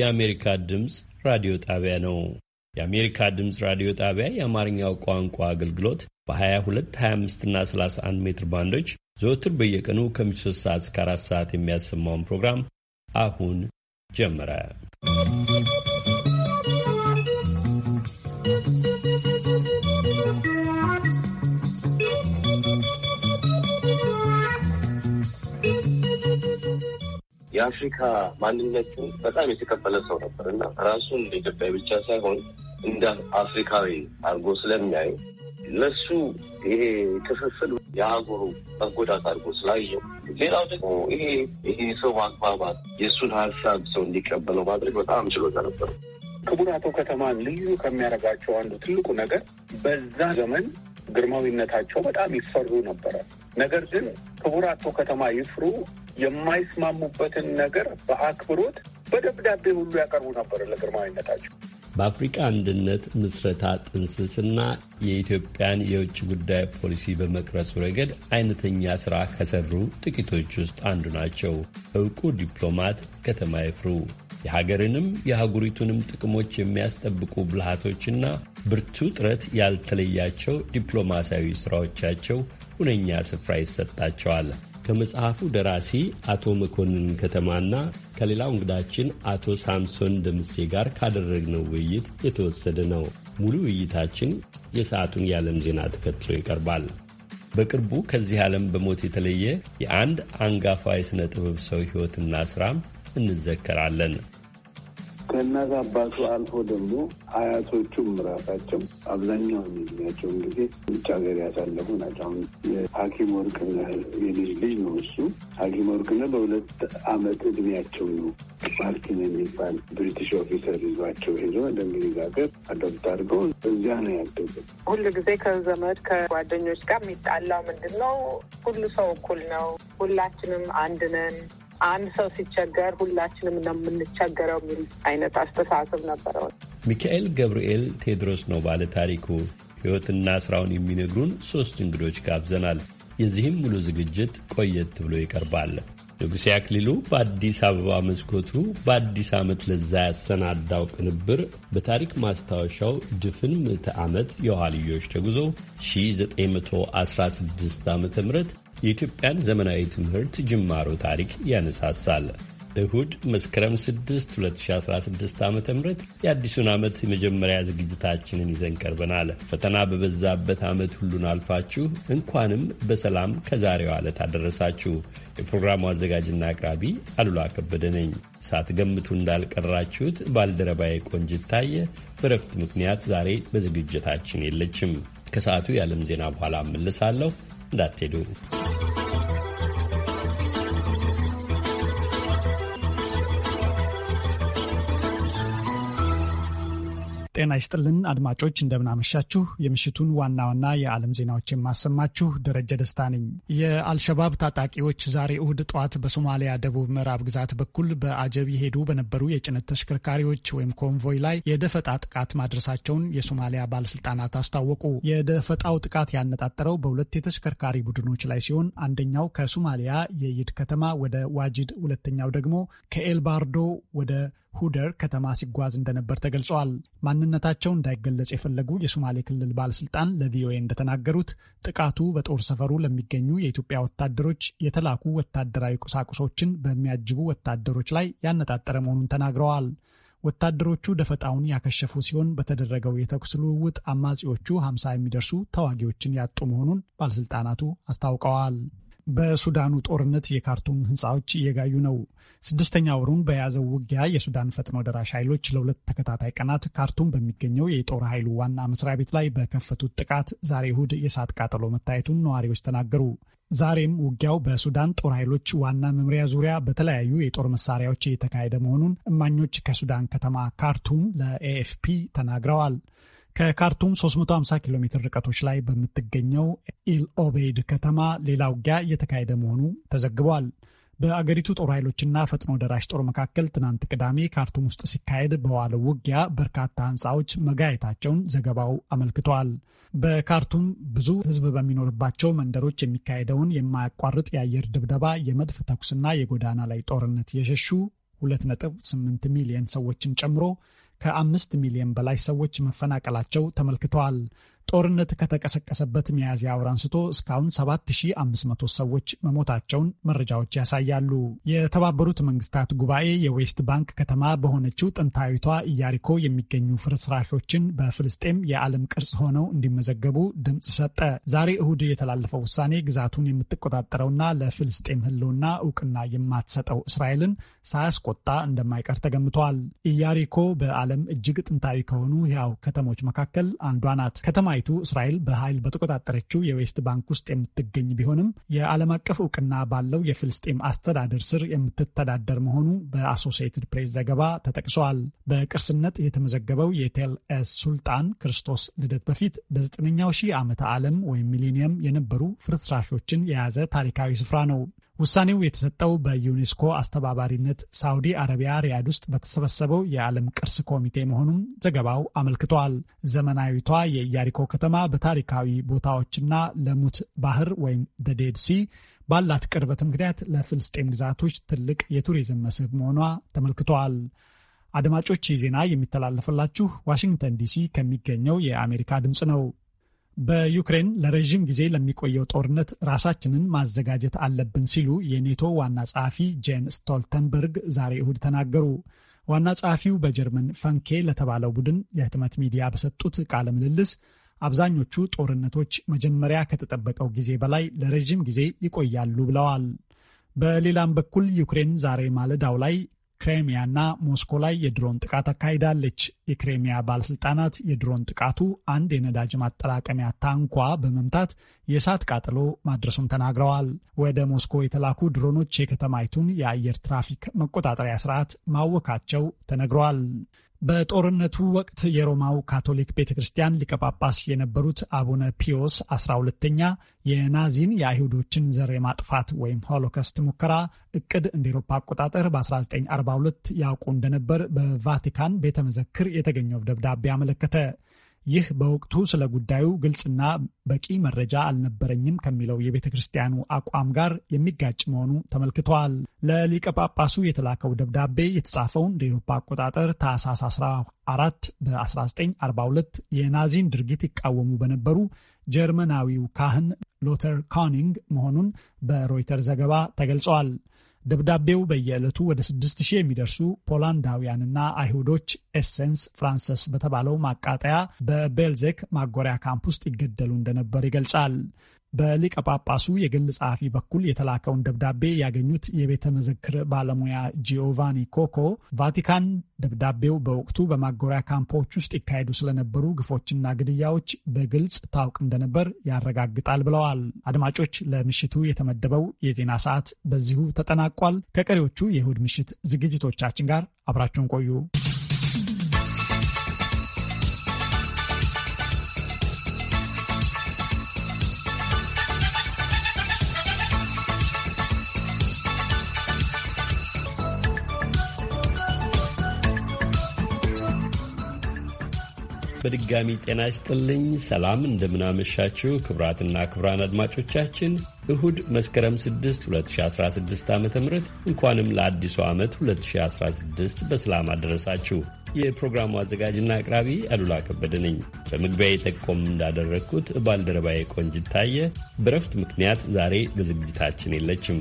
የአሜሪካ ድምፅ ራዲዮ ጣቢያ ነው። የአሜሪካ ድምፅ ራዲዮ ጣቢያ የአማርኛው ቋንቋ አገልግሎት በ22፣ 25ና 31 ሜትር ባንዶች ዘወትር በየቀኑ ከ 3 ሰዓት እስከ 4 ሰዓት የሚያሰማውን ፕሮግራም አሁን ጀመረ። የአፍሪካ ማንነቱ በጣም የተቀበለ ሰው ነበር እና ራሱን ኢትዮጵያ ብቻ ሳይሆን እንደ አፍሪካዊ አድርጎ ስለሚያዩ ለሱ ይሄ ክፍፍል የሀገሩ መጎዳት አድርጎ ስላየው፣ ሌላው ደግሞ ይሄ ይሄ ሰው ማግባባት የእሱን ሀሳብ ሰው እንዲቀበለው ማድረግ በጣም ችሎታ ነበረው። ክቡር አቶ ከተማ ልዩ ከሚያደርጋቸው አንዱ ትልቁ ነገር በዛ ዘመን ግርማዊነታቸው በጣም ይፈሩ ነበረ። ነገር ግን ክቡር አቶ ከተማ ይፍሩ የማይስማሙበትን ነገር በአክብሮት በደብዳቤ ሁሉ ያቀርቡ ነበር ለግርማዊነታቸው። በአፍሪቃ አንድነት ምስረታ ጥንስስና የኢትዮጵያን የውጭ ጉዳይ ፖሊሲ በመቅረጹ ረገድ አይነተኛ ሥራ ከሰሩ ጥቂቶች ውስጥ አንዱ ናቸው እውቁ ዲፕሎማት ከተማ ይፍሩ። የሀገርንም የአህጉሪቱንም ጥቅሞች የሚያስጠብቁ ብልሃቶችና ብርቱ ጥረት ያልተለያቸው ዲፕሎማሲያዊ ሥራዎቻቸው ሁነኛ ስፍራ ይሰጣቸዋል። ከመጽሐፉ ደራሲ አቶ መኮንን ከተማና ከሌላው እንግዳችን አቶ ሳምሶን ደምሴ ጋር ካደረግነው ውይይት የተወሰደ ነው። ሙሉ ውይይታችን የሰዓቱን የዓለም ዜና ተከትሎ ይቀርባል። በቅርቡ ከዚህ ዓለም በሞት የተለየ የአንድ አንጋፋ የሥነ ጥበብ ሰው ሕይወትና ሥራም እንዘከራለን። ከእናት አባቱ አልፎ ደግሞ አያቶቹም ራሳቸው አብዛኛውን የሚያቸውን ጊዜ ውጭ ሀገር ያሳለፉ ናቸው። አሁን የሐኪም ወርቅነህ የልጅ ልጅ ነው እሱ። ሐኪም ወርቅነህ በሁለት አመት እድሜያቸው ነው ማርቲን የሚባል ብሪቲሽ ኦፊሰር ይዟቸው ሄዶ ወደ እንግሊዝ ሀገር አዶፕት አድርገው እዚያ ነው ያደጉት። ሁሉ ጊዜ ከዘመድ ከጓደኞች ጋር የሚጣላው ምንድን ነው? ሁሉ ሰው እኩል ነው፣ ሁላችንም አንድ ነን አንድ ሰው ሲቸገር ሁላችንም ነው የምንቸገረው የሚል አይነት አስተሳሰብ ነበረው። ሚካኤል ገብርኤል ቴድሮስ ነው ባለ ታሪኩ። ሕይወትና ስራውን የሚነግሩን ሶስት እንግዶች ጋብዘናል። የዚህም ሙሉ ዝግጅት ቆየት ብሎ ይቀርባል። ንጉሴ አክሊሉ በአዲስ አበባ መስኮቱ በአዲስ ዓመት ለዛ ያሰናዳው ቅንብር በታሪክ ማስታወሻው ድፍን ምዕተ ዓመት የኋልዮች ተጉዞ 1916 ዓ ም የኢትዮጵያን ዘመናዊ ትምህርት ጅማሮ ታሪክ ያነሳሳል። እሁድ መስከረም 6 2016 ዓ ም የአዲሱን ዓመት የመጀመሪያ ዝግጅታችንን ይዘን ቀርበናል። ፈተና በበዛበት ዓመት ሁሉን አልፋችሁ እንኳንም በሰላም ከዛሬዋ ዕለት አደረሳችሁ። የፕሮግራሙ አዘጋጅና አቅራቢ አሉላ ከበደ ነኝ። ሳትገምቱ እንዳልቀራችሁት ባልደረባዬ ቆንጅት ታየ በእረፍት ምክንያት ዛሬ በዝግጅታችን የለችም። ከሰዓቱ የዓለም ዜና በኋላ እመልሳለሁ። እንዳትሄዱ። ጤና ይስጥልን አድማጮች፣ እንደምናመሻችሁ። የምሽቱን ዋና ዋና የዓለም ዜናዎች የማሰማችሁ ደረጀ ደስታ ነኝ። የአልሸባብ ታጣቂዎች ዛሬ እሁድ ጠዋት በሶማሊያ ደቡብ ምዕራብ ግዛት በኩል በአጀብ የሄዱ በነበሩ የጭነት ተሽከርካሪዎች ወይም ኮንቮይ ላይ የደፈጣ ጥቃት ማድረሳቸውን የሶማሊያ ባለስልጣናት አስታወቁ። የደፈጣው ጥቃት ያነጣጠረው በሁለት የተሽከርካሪ ቡድኖች ላይ ሲሆን አንደኛው ከሶማሊያ የይድ ከተማ ወደ ዋጅድ ሁለተኛው ደግሞ ከኤልባርዶ ወደ ሁደር ከተማ ሲጓዝ እንደነበር ተገልጿል። ማንነታቸው እንዳይገለጽ የፈለጉ የሶማሌ ክልል ባለስልጣን ለቪኦኤ እንደተናገሩት ጥቃቱ በጦር ሰፈሩ ለሚገኙ የኢትዮጵያ ወታደሮች የተላኩ ወታደራዊ ቁሳቁሶችን በሚያጅቡ ወታደሮች ላይ ያነጣጠረ መሆኑን ተናግረዋል። ወታደሮቹ ደፈጣውን ያከሸፉ ሲሆን በተደረገው የተኩስ ልውውጥ አማጺዎቹ 50 የሚደርሱ ተዋጊዎችን ያጡ መሆኑን ባለስልጣናቱ አስታውቀዋል። በሱዳኑ ጦርነት የካርቱም ህንፃዎች እየጋዩ ነው። ስድስተኛ ወሩን በያዘው ውጊያ የሱዳን ፈጥኖ ደራሽ ኃይሎች ለሁለት ተከታታይ ቀናት ካርቱም በሚገኘው የጦር ኃይሉ ዋና መስሪያ ቤት ላይ በከፈቱት ጥቃት ዛሬ እሁድ የእሳት ቃጠሎ መታየቱን ነዋሪዎች ተናገሩ። ዛሬም ውጊያው በሱዳን ጦር ኃይሎች ዋና መምሪያ ዙሪያ በተለያዩ የጦር መሳሪያዎች የተካሄደ መሆኑን እማኞች ከሱዳን ከተማ ካርቱም ለኤኤፍፒ ተናግረዋል። ከካርቱም 350 ኪሎ ሜትር ርቀቶች ላይ በምትገኘው ኢል ኦቤይድ ከተማ ሌላ ውጊያ እየተካሄደ መሆኑ ተዘግቧል። በአገሪቱ ጦር ኃይሎችና ፈጥኖ ደራሽ ጦር መካከል ትናንት ቅዳሜ ካርቱም ውስጥ ሲካሄድ በዋለው ውጊያ በርካታ ህንፃዎች መጋየታቸውን ዘገባው አመልክቷል። በካርቱም ብዙ ህዝብ በሚኖርባቸው መንደሮች የሚካሄደውን የማያቋርጥ የአየር ድብደባ፣ የመድፍ ተኩስና የጎዳና ላይ ጦርነት የሸሹ 2.8 ሚሊዮን ሰዎችን ጨምሮ ከአምስት ሚሊዮን በላይ ሰዎች መፈናቀላቸው ተመልክተዋል። ጦርነት ከተቀሰቀሰበት ሚያዝያ ወር አንስቶ እስካሁን 7500 ሰዎች መሞታቸውን መረጃዎች ያሳያሉ። የተባበሩት መንግስታት ጉባኤ የዌስት ባንክ ከተማ በሆነችው ጥንታዊቷ ኢያሪኮ የሚገኙ ፍርስራሾችን በፍልስጤም የዓለም ቅርስ ሆነው እንዲመዘገቡ ድምፅ ሰጠ። ዛሬ እሁድ የተላለፈው ውሳኔ ግዛቱን የምትቆጣጠረውና ለፍልስጤም ህልውና እውቅና የማትሰጠው እስራኤልን ሳያስቆጣ እንደማይቀር ተገምቷል። ኢያሪኮ በዓለም እጅግ ጥንታዊ ከሆኑ ያው ከተሞች መካከል አንዷ ናት። ከተማ ከተማይቱ እስራኤል በኃይል በተቆጣጠረችው የዌስት ባንክ ውስጥ የምትገኝ ቢሆንም የዓለም አቀፍ እውቅና ባለው የፍልስጤም አስተዳደር ስር የምትተዳደር መሆኑ በአሶሲኤትድ ፕሬስ ዘገባ ተጠቅሰዋል። በቅርስነት የተመዘገበው የቴል ኤስ ሱልጣን ክርስቶስ ልደት በፊት በዘጠነኛው ሺህ ዓመተ ዓለም ወይም ሚሊኒየም የነበሩ ፍርስራሾችን የያዘ ታሪካዊ ስፍራ ነው። ውሳኔው የተሰጠው በዩኔስኮ አስተባባሪነት ሳውዲ አረቢያ ሪያድ ውስጥ በተሰበሰበው የዓለም ቅርስ ኮሚቴ መሆኑን ዘገባው አመልክቷል። ዘመናዊቷ የኢያሪኮ ከተማ በታሪካዊ ቦታዎችና ለሙት ባህር ወይም ደዴድ ሲ ባላት ቅርበት ምክንያት ለፍልስጤም ግዛቶች ትልቅ የቱሪዝም መስህብ መሆኗ ተመልክቷል። አድማጮች፣ ዜና የሚተላለፍላችሁ ዋሽንግተን ዲሲ ከሚገኘው የአሜሪካ ድምፅ ነው። በዩክሬን ለረዥም ጊዜ ለሚቆየው ጦርነት ራሳችንን ማዘጋጀት አለብን ሲሉ የኔቶ ዋና ጸሐፊ ጄን ስቶልተንበርግ ዛሬ እሁድ ተናገሩ። ዋና ጸሐፊው በጀርመን ፈንኬ ለተባለው ቡድን የህትመት ሚዲያ በሰጡት ቃለ ምልልስ አብዛኞቹ ጦርነቶች መጀመሪያ ከተጠበቀው ጊዜ በላይ ለረዥም ጊዜ ይቆያሉ ብለዋል። በሌላም በኩል ዩክሬን ዛሬ ማለዳው ላይ ክሬሚያና ሞስኮ ላይ የድሮን ጥቃት አካሂዳለች። የክሬሚያ ባለስልጣናት የድሮን ጥቃቱ አንድ የነዳጅ ማጠራቀሚያ ታንኳ በመምታት የእሳት ቃጠሎ ማድረሱን ተናግረዋል። ወደ ሞስኮ የተላኩ ድሮኖች የከተማይቱን የአየር ትራፊክ መቆጣጠሪያ ስርዓት ማወካቸው ተነግረዋል። በጦርነቱ ወቅት የሮማው ካቶሊክ ቤተ ክርስቲያን ሊቀጳጳስ የነበሩት አቡነ ፒዮስ 12ተኛ የናዚን የአይሁዶችን ዘር የማጥፋት ወይም ሆሎኮስት ሙከራ እቅድ እንደ ኤሮፓ አቆጣጠር በ1942 ያውቁ እንደነበር በቫቲካን ቤተ መዘክር የተገኘው ደብዳቤ አመለከተ። ይህ በወቅቱ ስለ ጉዳዩ ግልጽና በቂ መረጃ አልነበረኝም ከሚለው የቤተ ክርስቲያኑ አቋም ጋር የሚጋጭ መሆኑ ተመልክተዋል። ለሊቀ ጳጳሱ የተላከው ደብዳቤ የተጻፈውን እንደ ኤሮፓ አቆጣጠር ታህሳስ 14 በ1942 የናዚን ድርጊት ይቃወሙ በነበሩ ጀርመናዊው ካህን ሎተር ካኒንግ መሆኑን በሮይተር ዘገባ ተገልጿል። ደብዳቤው በየዕለቱ ወደ 6000 የሚደርሱ ፖላንዳውያንና አይሁዶች ኤሴንስ ፍራንሰስ በተባለው ማቃጠያ በቤልዜክ ማጎሪያ ካምፕ ውስጥ ይገደሉ እንደነበር ይገልጻል። በሊቀ ጳጳሱ የግል ጸሐፊ በኩል የተላከውን ደብዳቤ ያገኙት የቤተ መዘክር ባለሙያ ጂኦቫኒ ኮኮ ቫቲካን ደብዳቤው በወቅቱ በማጎሪያ ካምፖች ውስጥ ይካሄዱ ስለነበሩ ግፎችና ግድያዎች በግልጽ ታውቅ እንደነበር ያረጋግጣል ብለዋል። አድማጮች፣ ለምሽቱ የተመደበው የዜና ሰዓት በዚሁ ተጠናቋል። ከቀሪዎቹ የእሁድ ምሽት ዝግጅቶቻችን ጋር አብራችሁን ቆዩ። በድጋሚ ጤና ይስጥልኝ። ሰላም እንደምናመሻችው ክብራትና ክብራን አድማጮቻችን እሁድ መስከረም 6 2016 ዓ ም እንኳንም ለአዲሱ ዓመት 2016 በሰላም አደረሳችሁ። የፕሮግራሙ አዘጋጅና አቅራቢ አሉላ ከበደ ነኝ። በመግቢያዬ የጠቆም እንዳደረግኩት ባልደረባዬ ቆንጅት ታየ በረፍት ምክንያት ዛሬ በዝግጅታችን የለችም።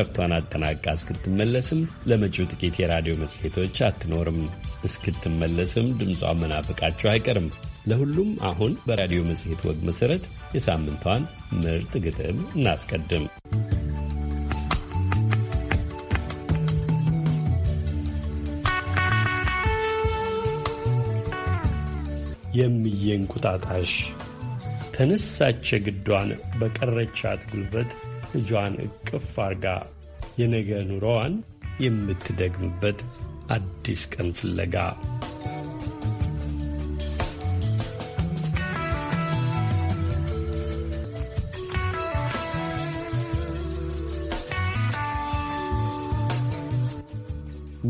ረፍቷን አጠናቃ እስክትመለስም ለመጪው ጥቂት የራዲዮ መጽሔቶች አትኖርም። እስክትመለስም ድምጿ መናፈቃችሁ አይቀርም። አይደለም። ለሁሉም አሁን በራዲዮ መጽሔት ወግ መሠረት የሳምንቷን ምርጥ ግጥም እናስቀድም። የምዬ ቁጣጣሽ ተነሳች ግዷን በቀረቻት ጉልበት ልጇን እቅፍ አርጋ የነገ ኑሮዋን የምትደግምበት አዲስ ቀን ፍለጋ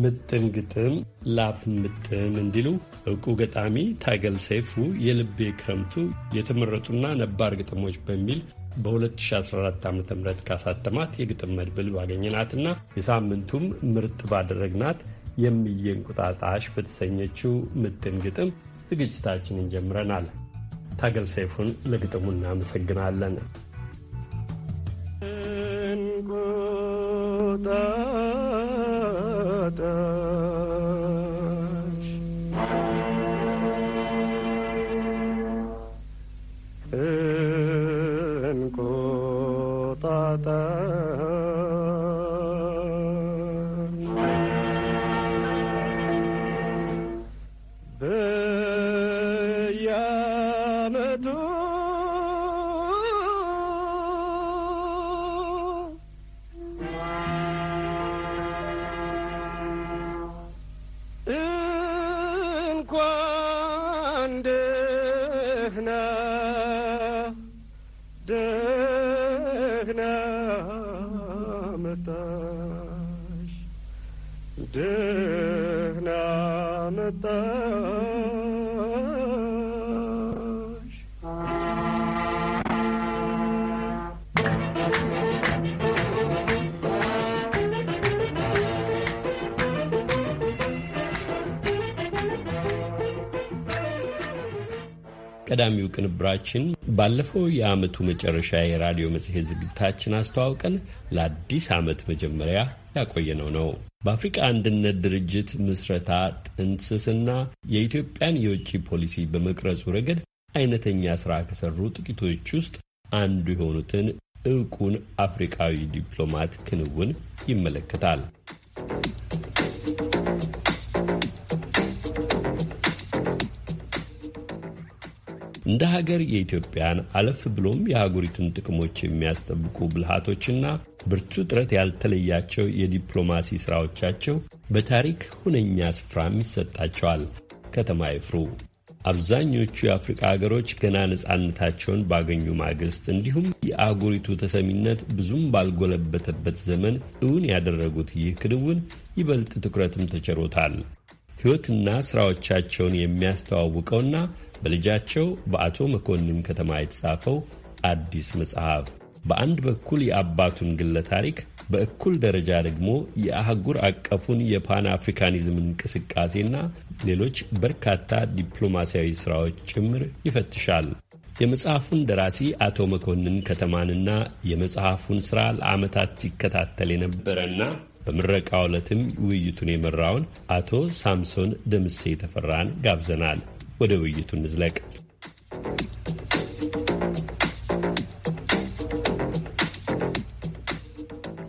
ምጥን ግጥም ላፍ ምጥን እንዲሉ እውቁ ገጣሚ ታገል ሰይፉ የልቤ ክረምቱ የተመረጡና ነባር ግጥሞች በሚል በ2014 ዓ ም ካሳተማት የግጥም መድብል ባገኘናትና የሳምንቱም ምርጥ ባደረግናት የምዬ እንቁጣጣሽ በተሰኘችው ምጥን ግጥም ዝግጅታችንን ጀምረናል። ታገል ሰይፉን ለግጥሙ እናመሰግናለን። እንቁጣ Kadash. In ቀዳሚው ቅንብራችን ባለፈው የዓመቱ መጨረሻ የራዲዮ መጽሔት ዝግጅታችን አስተዋውቀን ለአዲስ ዓመት መጀመሪያ ያቆየነው ነው። በአፍሪካ አንድነት ድርጅት ምስረታ ጥንስስና የኢትዮጵያን የውጭ ፖሊሲ በመቅረጹ ረገድ አይነተኛ ሥራ ከሰሩ ጥቂቶች ውስጥ አንዱ የሆኑትን እውቁን አፍሪካዊ ዲፕሎማት ክንውን ይመለከታል። እንደ ሀገር የኢትዮጵያን አለፍ ብሎም የአጉሪቱን ጥቅሞች የሚያስጠብቁ ብልሃቶችና ብርቱ ጥረት ያልተለያቸው የዲፕሎማሲ ሥራዎቻቸው በታሪክ ሁነኛ ስፍራም ይሰጣቸዋል። ከተማ ይፍሩ አብዛኞቹ የአፍሪቃ ሀገሮች ገና ነፃነታቸውን ባገኙ ማግስት እንዲሁም የአህጉሪቱ ተሰሚነት ብዙም ባልጎለበተበት ዘመን እውን ያደረጉት ይህ ክንውን ይበልጥ ትኩረትም ተቸሮታል። ሕይወትና ሥራዎቻቸውን የሚያስተዋውቀውና በልጃቸው በአቶ መኮንን ከተማ የተጻፈው አዲስ መጽሐፍ በአንድ በኩል የአባቱን ግለ ታሪክ በእኩል ደረጃ ደግሞ የአህጉር አቀፉን የፓን አፍሪካኒዝም እንቅስቃሴና ሌሎች በርካታ ዲፕሎማሲያዊ ሥራዎች ጭምር ይፈትሻል። የመጽሐፉን ደራሲ አቶ መኮንን ከተማንና የመጽሐፉን ሥራ ለዓመታት ሲከታተል የነበረና በምረቃ ዕለትም ውይይቱን የመራውን አቶ ሳምሶን ደምሴ ተፈራን ጋብዘናል። ወደ ውይይቱ እንዝለቅ።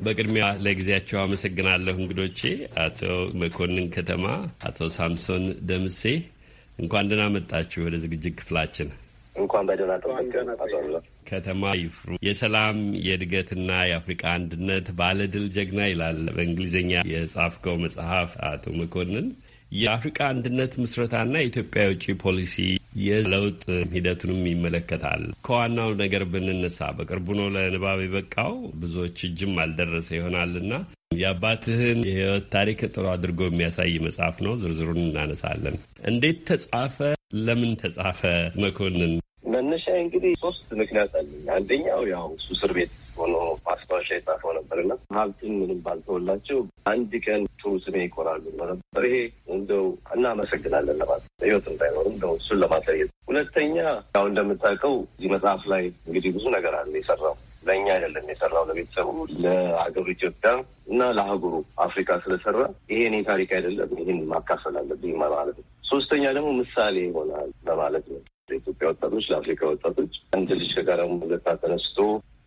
በቅድሚያ ለጊዜያቸው አመሰግናለሁ እንግዶቼ፣ አቶ መኮንን ከተማ፣ አቶ ሳምሶን ደምሴ እንኳን ደህና መጣችሁ ወደ ዝግጅት ክፍላችን። እንኳን በደህና ከተማ ይፍሩ የሰላም የእድገትና የአፍሪቃ አንድነት ባለድል ጀግና ይላል በእንግሊዝኛ የጻፍከው መጽሐፍ አቶ መኮንን የአፍሪቃ አንድነት ምስረታና የኢትዮጵያ የውጭ ፖሊሲ የለውጥ ሂደቱንም ይመለከታል። ከዋናው ነገር ብንነሳ በቅርቡ ነው ለንባብ የበቃው ብዙዎች እጅም አልደረሰ ይሆናልና የአባትህን የህይወት ታሪክ ጥሩ አድርጎ የሚያሳይ መጽሐፍ ነው። ዝርዝሩን እናነሳለን። እንዴት ተጻፈ? ለምን ተጻፈ? መኮንን መነሻ እንግዲህ ሶስት ምክንያት አለኝ። አንደኛው ያው እሱ እስር ቤት ሆኖ ማስታወሻ የጻፈው ነበር እና ሀብትን ምንም ባልተወላቸው አንድ ቀን ጥሩ ስሜ ይኮራሉ ነበር። ይሄ እንደው እናመሰግናለን ለማለት ህይወት እንዳይኖሩ እንደው እሱን ለማሳየት። ሁለተኛ ያው እንደምታውቀው እዚህ መጽሐፍ ላይ እንግዲህ ብዙ ነገር አለ የሰራው ለእኛ አይደለም የሰራው ለቤተሰቡ፣ ለሀገሩ ኢትዮጵያ እና ለአህጉሩ አፍሪካ ስለሰራ ይሄኔ ታሪክ አይደለም ይህን ማካፈል አለብኝ ማለት ነው። ሶስተኛ ደግሞ ምሳሌ ይሆናል ለማለት ነው። ለኢትዮጵያ ወጣቶች፣ ለአፍሪካ ወጣቶች አንድ ልጅ ከጋራ ሙለታ ተነስቶ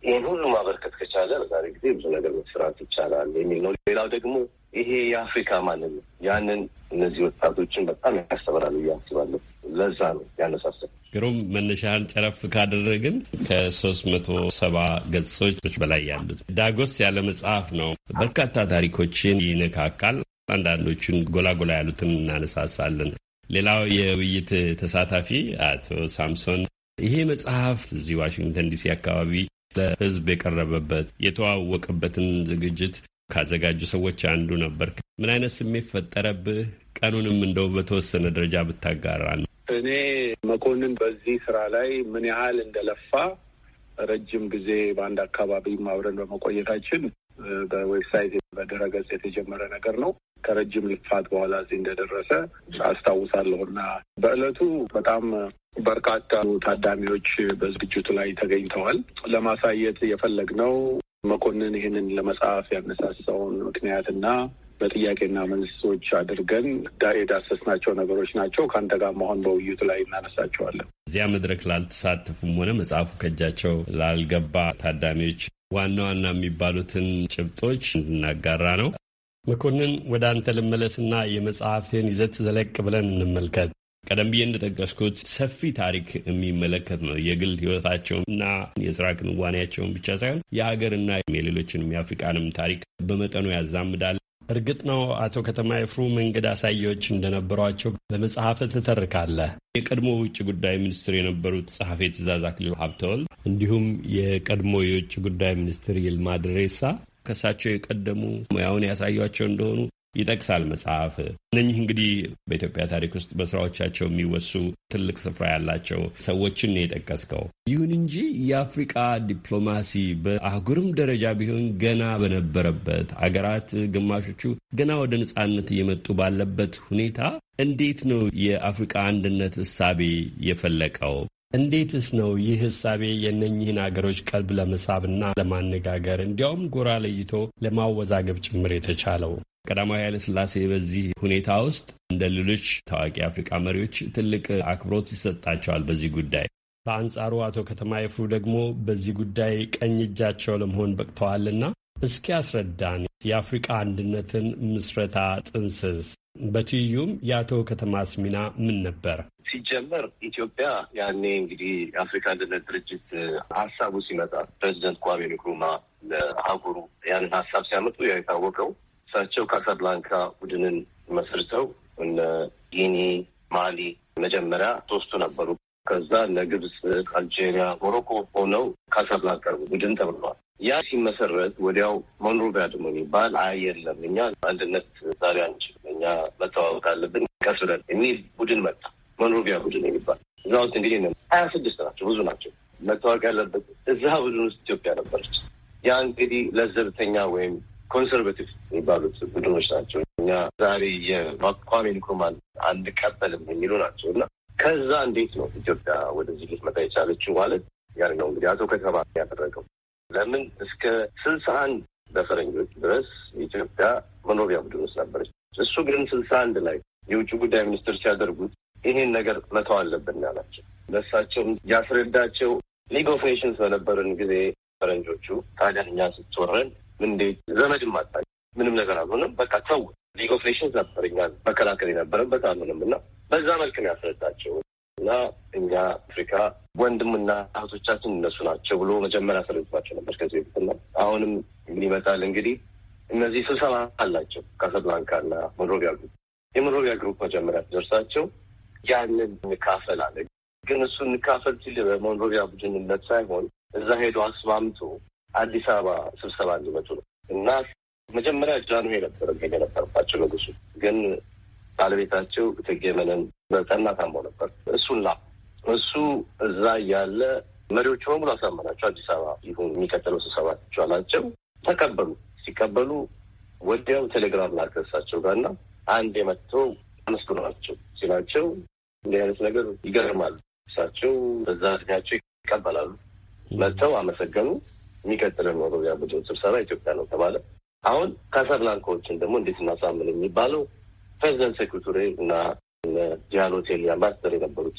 ይህን ሁሉ ማበርከት ከቻለ በዛሬ ጊዜ ብዙ ነገር መስራት ይቻላል የሚል ነው። ሌላው ደግሞ ይሄ የአፍሪካ ማንነት ያንን እነዚህ ወጣቶችን በጣም ያስተምራል እያስባለሁ። ለዛ ነው ያነሳሰል። ግሩም መነሻን ጨረፍ ካደረግን ከሶስት መቶ ሰባ ገጾች በላይ ያሉት ዳጎስ ያለ መጽሐፍ ነው። በርካታ ታሪኮችን ይነካካል። አንዳንዶቹን ጎላጎላ ያሉትን እናነሳሳለን። ሌላው የውይይት ተሳታፊ አቶ ሳምሶን ይሄ መጽሐፍ እዚህ ዋሽንግተን ዲሲ አካባቢ ለህዝብ የቀረበበት የተዋወቅበትን ዝግጅት ካዘጋጁ ሰዎች አንዱ ነበር። ምን አይነት ስሜት ፈጠረብህ? ቀኑንም እንደው በተወሰነ ደረጃ ብታጋራን። እኔ መኮንን በዚህ ስራ ላይ ምን ያህል እንደለፋ ረጅም ጊዜ በአንድ አካባቢ አብረን በመቆየታችን በዌብሳይት በድረገጽ የተጀመረ ነገር ነው። ከረጅም ልፋት በኋላ እዚህ እንደደረሰ አስታውሳለሁ እና በእለቱ በጣም በርካታ ታዳሚዎች በዝግጅቱ ላይ ተገኝተዋል። ለማሳየት የፈለግነው መኮንን ይህንን ለመጽሐፍ ያነሳሳውን ምክንያትና በጥያቄና መልሶች አድርገን የዳሰስናቸው ነገሮች ናቸው። ከአንተ ጋር መሆን በውይይቱ ላይ እናነሳቸዋለን። እዚያ መድረክ ላልተሳተፉም ሆነ መጽሐፉ ከእጃቸው ላልገባ ታዳሚዎች ዋና ዋና የሚባሉትን ጭብጦች እናጋራ ነው። መኮንን፣ ወደ አንተ ልመለስና የመጽሐፍን ይዘት ዘለቅ ብለን እንመልከት። ቀደም ብዬ እንደጠቀስኩት ሰፊ ታሪክ የሚመለከት ነው። የግል ሕይወታቸውን እና የስራ ክንዋኔያቸውን ብቻ ሳይሆን የሀገርና የሌሎችንም የአፍሪቃንም ታሪክ በመጠኑ ያዛምዳል። እርግጥ ነው አቶ ከተማ ይፍሩ መንገድ አሳያዎች እንደነበሯቸው በመጽሐፈ ትተርካለህ። የቀድሞ ውጭ ጉዳይ ሚኒስትር የነበሩት ጸሐፊ ትእዛዝ አክሊሉ ሀብተወልድ እንዲሁም የቀድሞ የውጭ ጉዳይ ሚኒስትር ይልማ ድሬሳ ከሳቸው የቀደሙ ሙያውን ያሳያቸው እንደሆኑ ይጠቅሳል መጽሐፍ። እነኚህ እንግዲህ በኢትዮጵያ ታሪክ ውስጥ በስራዎቻቸው የሚወሱ ትልቅ ስፍራ ያላቸው ሰዎችን ነው የጠቀስከው። ይሁን እንጂ የአፍሪቃ ዲፕሎማሲ በአህጉርም ደረጃ ቢሆን ገና በነበረበት አገራት ግማሾቹ ገና ወደ ነጻነት እየመጡ ባለበት ሁኔታ እንዴት ነው የአፍሪቃ አንድነት እሳቤ የፈለቀው? እንዴትስ ነው ይህ ህሳቤ የነኝህን አገሮች ቀልብ ለመሳብና ለማነጋገር እንዲያውም ጎራ ለይቶ ለማወዛገብ ጭምር የተቻለው? ቀዳማዊ ኃይለ ሥላሴ በዚህ ሁኔታ ውስጥ እንደ ሌሎች ታዋቂ አፍሪካ መሪዎች ትልቅ አክብሮት ይሰጣቸዋል በዚህ ጉዳይ። በአንጻሩ አቶ ከተማ ይፍሩ ደግሞ በዚህ ጉዳይ ቀኝ እጃቸው ለመሆን በቅተዋልና እስኪ አስረዳን የአፍሪቃ አንድነትን ምስረታ ጥንስስ በትይዩም የአቶ ከተማስ ሚና ምን ነበር? ሲጀመር ኢትዮጵያ ያኔ እንግዲህ የአፍሪካ አንድነት ድርጅት ሀሳቡ ሲመጣ ፕሬዚደንት ኳሜ ንክሩማ ለአህጉሩ ያንን ሀሳብ ሲያመጡ ያው የታወቀው እሳቸው ካሳብላንካ ቡድንን መስርተው እነ ጊኒ፣ ማሊ መጀመሪያ ሶስቱ ነበሩ። ከዛ እነ ግብፅ፣ አልጄሪያ፣ ሞሮኮ ሆነው ካሳብላንካ ቡድን ተብለዋል። ያ ሲመሰረት ወዲያው መንሩቢያ ደግሞ የሚባል አይ የለም እኛ አንድነት ዛሬ አንችል እኛ መተዋወቅ አለብን ቀስ ብለን የሚል ቡድን መጣ። መንሩቢያ ቡድን የሚባል እዛ ውስጥ እንግዲህ ሀያ ስድስት ናቸው፣ ብዙ ናቸው። መታወቅ ያለበት እዛ ቡድን ውስጥ ኢትዮጵያ ነበረች። ያ እንግዲህ ለዘብተኛ ወይም ኮንሰርቬቲቭ የሚባሉት ቡድኖች ናቸው። እኛ ዛሬ የማቋሚ ንኩርማን አንቀበልም የሚሉ ናቸው እና ከዛ እንዴት ነው ኢትዮጵያ ወደዚህ ልትመጣ የቻለችው ማለት ያን ነው እንግዲህ አቶ ከተማ ያደረገው። ለምን እስከ ስልሳ አንድ በፈረንጆች ድረስ ኢትዮጵያ መኖሪያ ቡድን ውስጥ ነበረች። እሱ ግን ስልሳ አንድ ላይ የውጭ ጉዳይ ሚኒስትር ሲያደርጉት ይሄን ነገር መተው አለብን ያላቸው ለሳቸውም ያስረዳቸው ሊግ ኦፍ ኔሽንስ በነበርን ጊዜ ፈረንጆቹ ታዲያ እኛ ስትወረን እንዴት ዘመድም ማጣ ምንም ነገር አልሆንም። በቃ ሰው ሊግ ኦፍ ኔሽንስ ነበር እኛ መከላከል የነበረበት አልሆነም እና በዛ መልክ ነው ያስረዳቸው እና እኛ አፍሪካ ወንድምና እህቶቻችን እነሱ ናቸው ብሎ መጀመሪያ ያስረድባቸው ነበር ከዚህ በፊት ና አሁንም ምን ይመጣል እንግዲህ እነዚህ ስብሰባ አላቸው ካሰብላንካ እና ሞንሮቪያ ግሩፕ የሞንሮቪያ ግሩፕ መጀመሪያ ደርሳቸው ያንን እንካፈል አለ። ግን እሱ እንካፈል ሲል በሞንሮቪያ ቡድንነት ሳይሆን እዛ ሄዶ አስማምቶ አዲስ አበባ ስብሰባ እንዲመጡ ነው እና መጀመሪያ ጃንሆይ የነበረ መሄድ የነበረባቸው ንጉሱ ግን ባለቤታቸው እቴጌ መነን በጠና ታሞ ነበር። እሱን ላ እሱ እዛ እያለ መሪዎቹ በሙሉ አሳመናቸው። አዲስ አበባ ይሁን የሚቀጥለው ስብሰባቸው አላቸው። ተቀበሉ። ሲቀበሉ ወዲያው ቴሌግራም ላከ እሳቸው ጋርና አንድ የመጥተው አመስግኑ ናቸው ሲላቸው እንዲህ አይነት ነገር ይገርማል። እሳቸው በዛ እድሜያቸው ይቀበላሉ። መጥተው አመሰገኑ። የሚቀጥለው የኦሮሚያ ቡድን ስብሰባ ኢትዮጵያ ነው ተባለ። አሁን ካሳብላንካዎችን ደግሞ እንዴት እናሳምን የሚባለው ፕሬዚደንት ሴኩቱሬ እና ጂያን ሆቴል አምባሳደር የነበሩት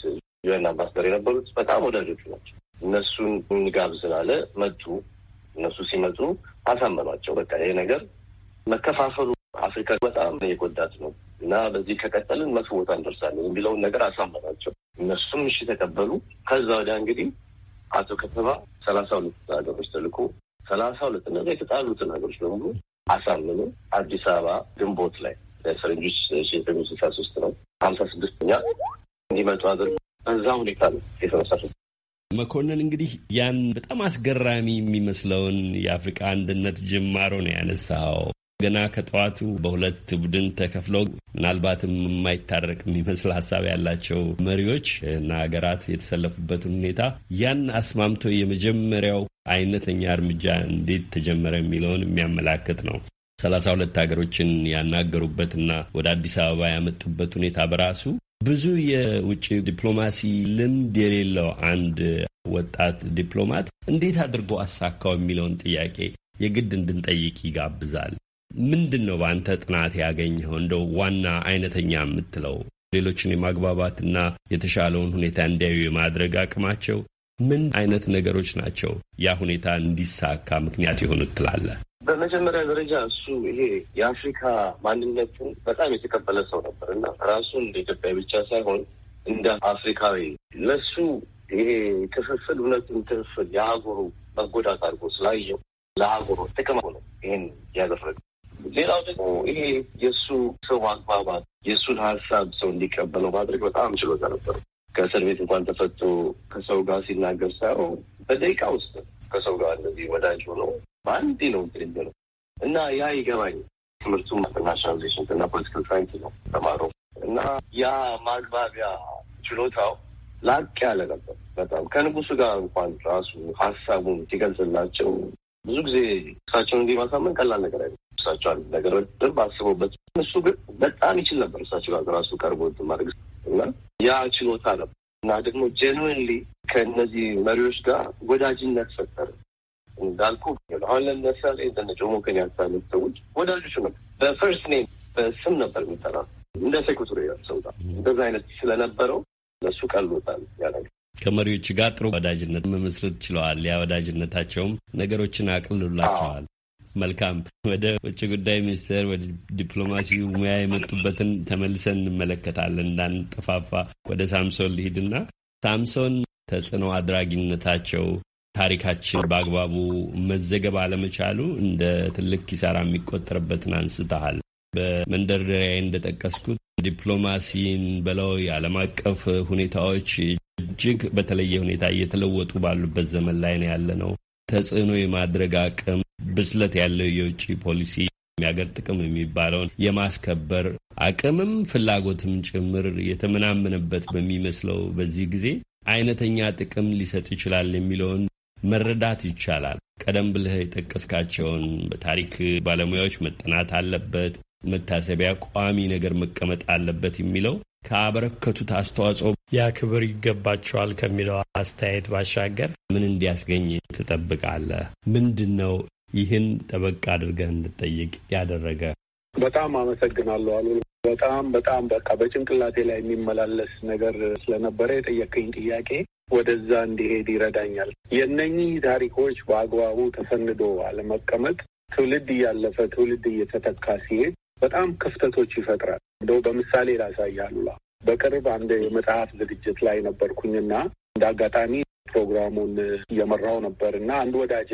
ዩኤን አምባሳደር የነበሩት በጣም ወዳጆቹ ናቸው። እነሱን እንጋብዝን አለ። መጡ። እነሱ ሲመጡ አሳመኗቸው። በቃ ይሄ ነገር መከፋፈሉ አፍሪካ በጣም የጎዳት ነው እና በዚህ ከቀጠልን መጥፎ ቦታ እንደርሳለን የሚለውን ነገር አሳመናቸው። እነሱም እሺ ተቀበሉ። ከዛ ወዲያ እንግዲህ አቶ ከተማ ሰላሳ ሁለት ሀገሮች ተልኮ ሰላሳ ሁለት ነገር የተጣሉትን ሀገሮች በሙሉ አሳምኑ አዲስ አበባ ግንቦት ላይ ለፈረንጆች ዘጠኝ ስልሳ ሶስት ነው ሀምሳ ስድስተኛ እንዲመጡ አድርጎ በዛ ሁኔታ ነው የተመሳሰ መኮንን እንግዲህ ያን በጣም አስገራሚ የሚመስለውን የአፍሪካ አንድነት ጅማሮ ነው ያነሳው። ገና ከጠዋቱ በሁለት ቡድን ተከፍለው ምናልባትም የማይታረቅ የሚመስል ሀሳብ ያላቸው መሪዎች እና ሀገራት የተሰለፉበትን ሁኔታ ያን አስማምቶ የመጀመሪያው አይነተኛ እርምጃ እንዴት ተጀመረ የሚለውን የሚያመላክት ነው። ሰላሳ ሁለት ሀገሮችን ያናገሩበትና ወደ አዲስ አበባ ያመጡበት ሁኔታ በራሱ ብዙ የውጭ ዲፕሎማሲ ልምድ የሌለው አንድ ወጣት ዲፕሎማት እንዴት አድርጎ አሳካው የሚለውን ጥያቄ የግድ እንድንጠይቅ ይጋብዛል። ምንድን ነው በአንተ ጥናት ያገኘኸው እንደው ዋና አይነተኛ የምትለው ሌሎችን የማግባባትና የተሻለውን ሁኔታ እንዲያዩ የማድረግ አቅማቸው ምን አይነት ነገሮች ናቸው ያ ሁኔታ እንዲሳካ ምክንያት የሆኑት ትላለህ? በመጀመሪያ ደረጃ እሱ ይሄ የአፍሪካ ማንነትን በጣም የተቀበለ ሰው ነበር እና ራሱን እንደ ኢትዮጵያ ብቻ ሳይሆን እንደ አፍሪካዊ ለሱ ይሄ ክፍፍል እውነቱን ክፍፍል የአህጉሩ መጎዳት አድርጎ ስላየው ለአህጉሩ ጥቅም ነው ይህን ያደረገ ሌላው ደግሞ ይሄ የእሱ ሰው ማግባባት የእሱን ሀሳብ ሰው እንዲቀበለው ማድረግ በጣም ችሎታ ነበሩ። ከእስር ቤት እንኳን ተፈቶ ከሰው ጋር ሲናገር ሳይሆን በደቂቃ ውስጥ ከሰው ጋር እንደዚህ ወዳጅ ሆኖ በአንድ ነው የሚለው እና ያ ይገባኝ። ትምህርቱ ኢንተርናሽናላይዜሽን እና ፖለቲካል ሳይንስ ነው ተማሮ እና ያ ማግባቢያ ችሎታው ላቅ ያለ ነበር በጣም ከንጉሱ ጋር እንኳን ራሱ ሀሳቡን ሲገልጽላቸው ብዙ ጊዜ እሳቸውን እንዲህ ማሳመን ቀላል ነገር አይደለም። እሳቸው ነገር በደንብ አስበውበት እሱ ግን በጣም ይችል ነበር። እሳቸው ጋር ራሱ ቀርቦ ማድረግ እና ያ ችሎታ ነበር እና ደግሞ ጀንዌንሊ ከእነዚህ መሪዎች ጋር ወዳጅነት ፈጠረ። እንዳልኩ አሁን ለምሳሌ እንደነ ጆሞ ኬንያታ ያሉት ሰዎች ወዳጆች ነበር። በፈርስት ኔም በስም ነበር የሚጠራ እንደ ሴኩቱሪ ሰው ጋር እንደዛ አይነት ስለነበረው ለእሱ ቀሎታል ያ ነገር ከመሪዎች ጋር ጥሩ ወዳጅነት መመስረት ችለዋል። ያ ወዳጅነታቸውም ነገሮችን አቅልሉላቸዋል። መልካም ወደ ውጭ ጉዳይ ሚኒስቴር ወደ ዲፕሎማሲው ሙያ የመጡበትን ተመልሰን እንመለከታለን። እንዳንጠፋፋ ወደ ሳምሶን ሊሂድና ሳምሶን ተጽዕኖ አድራጊነታቸው ታሪካችን በአግባቡ መዘገብ አለመቻሉ እንደ ትልቅ ኪሳራ የሚቆጠርበትን አንስተሃል። በመንደርደሪያ እንደጠቀስኩት ዲፕሎማሲን በለው የዓለም አቀፍ ሁኔታዎች እጅግ በተለየ ሁኔታ እየተለወጡ ባሉበት ዘመን ላይ ነው ያለ ነው። ተጽዕኖ የማድረግ አቅም ብስለት ያለው የውጭ ፖሊሲ የሚያገር ጥቅም የሚባለውን የማስከበር አቅምም ፍላጎትም ጭምር የተመናመነበት በሚመስለው በዚህ ጊዜ አይነተኛ ጥቅም ሊሰጥ ይችላል የሚለውን መረዳት ይቻላል። ቀደም ብለህ የጠቀስካቸውን በታሪክ ባለሙያዎች መጠናት አለበት፣ መታሰቢያ ቋሚ ነገር መቀመጥ አለበት የሚለው ካበረከቱት አስተዋጽኦ ያ ክብር ይገባቸዋል ከሚለው አስተያየት ባሻገር ምን እንዲያስገኝ ትጠብቃለህ? ምንድን ነው ይህን ጠበቅ አድርገህ እንድጠይቅ ያደረገ? በጣም አመሰግናለሁ አሉ። በጣም በጣም በቃ በጭንቅላቴ ላይ የሚመላለስ ነገር ስለነበረ የጠየቀኝ ጥያቄ ወደዛ እንዲሄድ ይረዳኛል። የእነኚህ ታሪኮች በአግባቡ ተሰንዶ አለመቀመጥ ትውልድ እያለፈ ትውልድ እየተተካ ሲሄድ በጣም ክፍተቶች ይፈጥራል። እንደው በምሳሌ ላሳያሉ። በቅርብ አንድ የመጽሐፍ ዝግጅት ላይ ነበርኩኝና እንደ አጋጣሚ ፕሮግራሙን እየመራው ነበር እና አንድ ወዳጄ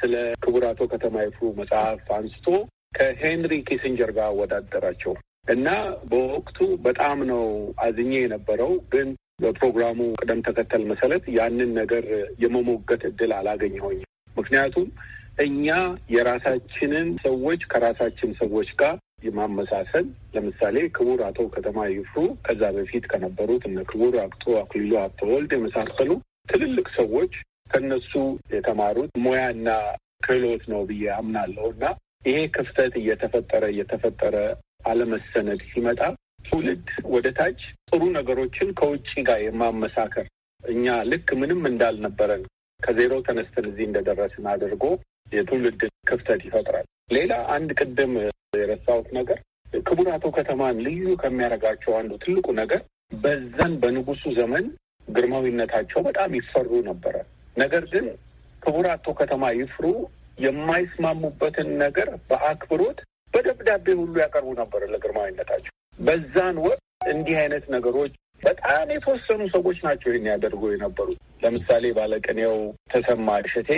ስለ ክቡር አቶ ከተማ ይፍሩ መጽሐፍ አንስቶ ከሄንሪ ኪሲንጀር ጋር አወዳደራቸው እና በወቅቱ በጣም ነው አዝኜ የነበረው ግን በፕሮግራሙ ቅደም ተከተል መሰረት ያንን ነገር የመሞገት እድል አላገኘሁኝም። ምክንያቱም እኛ የራሳችንን ሰዎች ከራሳችን ሰዎች ጋር የማመሳሰል ለምሳሌ ክቡር አቶ ከተማ ይፍሩ ከዛ በፊት ከነበሩት እነ ክቡር አቶ አክሊሉ አቶወልድ የመሳሰሉ ትልልቅ ሰዎች ከነሱ የተማሩት ሙያና ክህሎት ነው ብዬ አምናለሁ እና ይሄ ክፍተት እየተፈጠረ እየተፈጠረ አለመሰነድ ሲመጣ ትውልድ ወደ ታች ጥሩ ነገሮችን ከውጭ ጋር የማመሳከር እኛ ልክ ምንም እንዳልነበረን ከዜሮ ተነስተን እዚህ እንደደረስን አድርጎ የትውልድ ክፍተት ይፈጥራል። ሌላ አንድ ቅድም የረሳሁት ነገር ክቡር አቶ ከተማን ልዩ ከሚያደርጋቸው አንዱ ትልቁ ነገር በዛን በንጉሱ ዘመን ግርማዊነታቸው በጣም ይፈሩ ነበረ። ነገር ግን ክቡር አቶ ከተማ ይፍሩ የማይስማሙበትን ነገር በአክብሮት በደብዳቤ ሁሉ ያቀርቡ ነበር ለግርማዊነታቸው። በዛን ወቅት እንዲህ አይነት ነገሮች በጣም የተወሰኑ ሰዎች ናቸው ይህን ያደርጉ የነበሩት። ለምሳሌ ባለቅኔው ተሰማ እሸቴ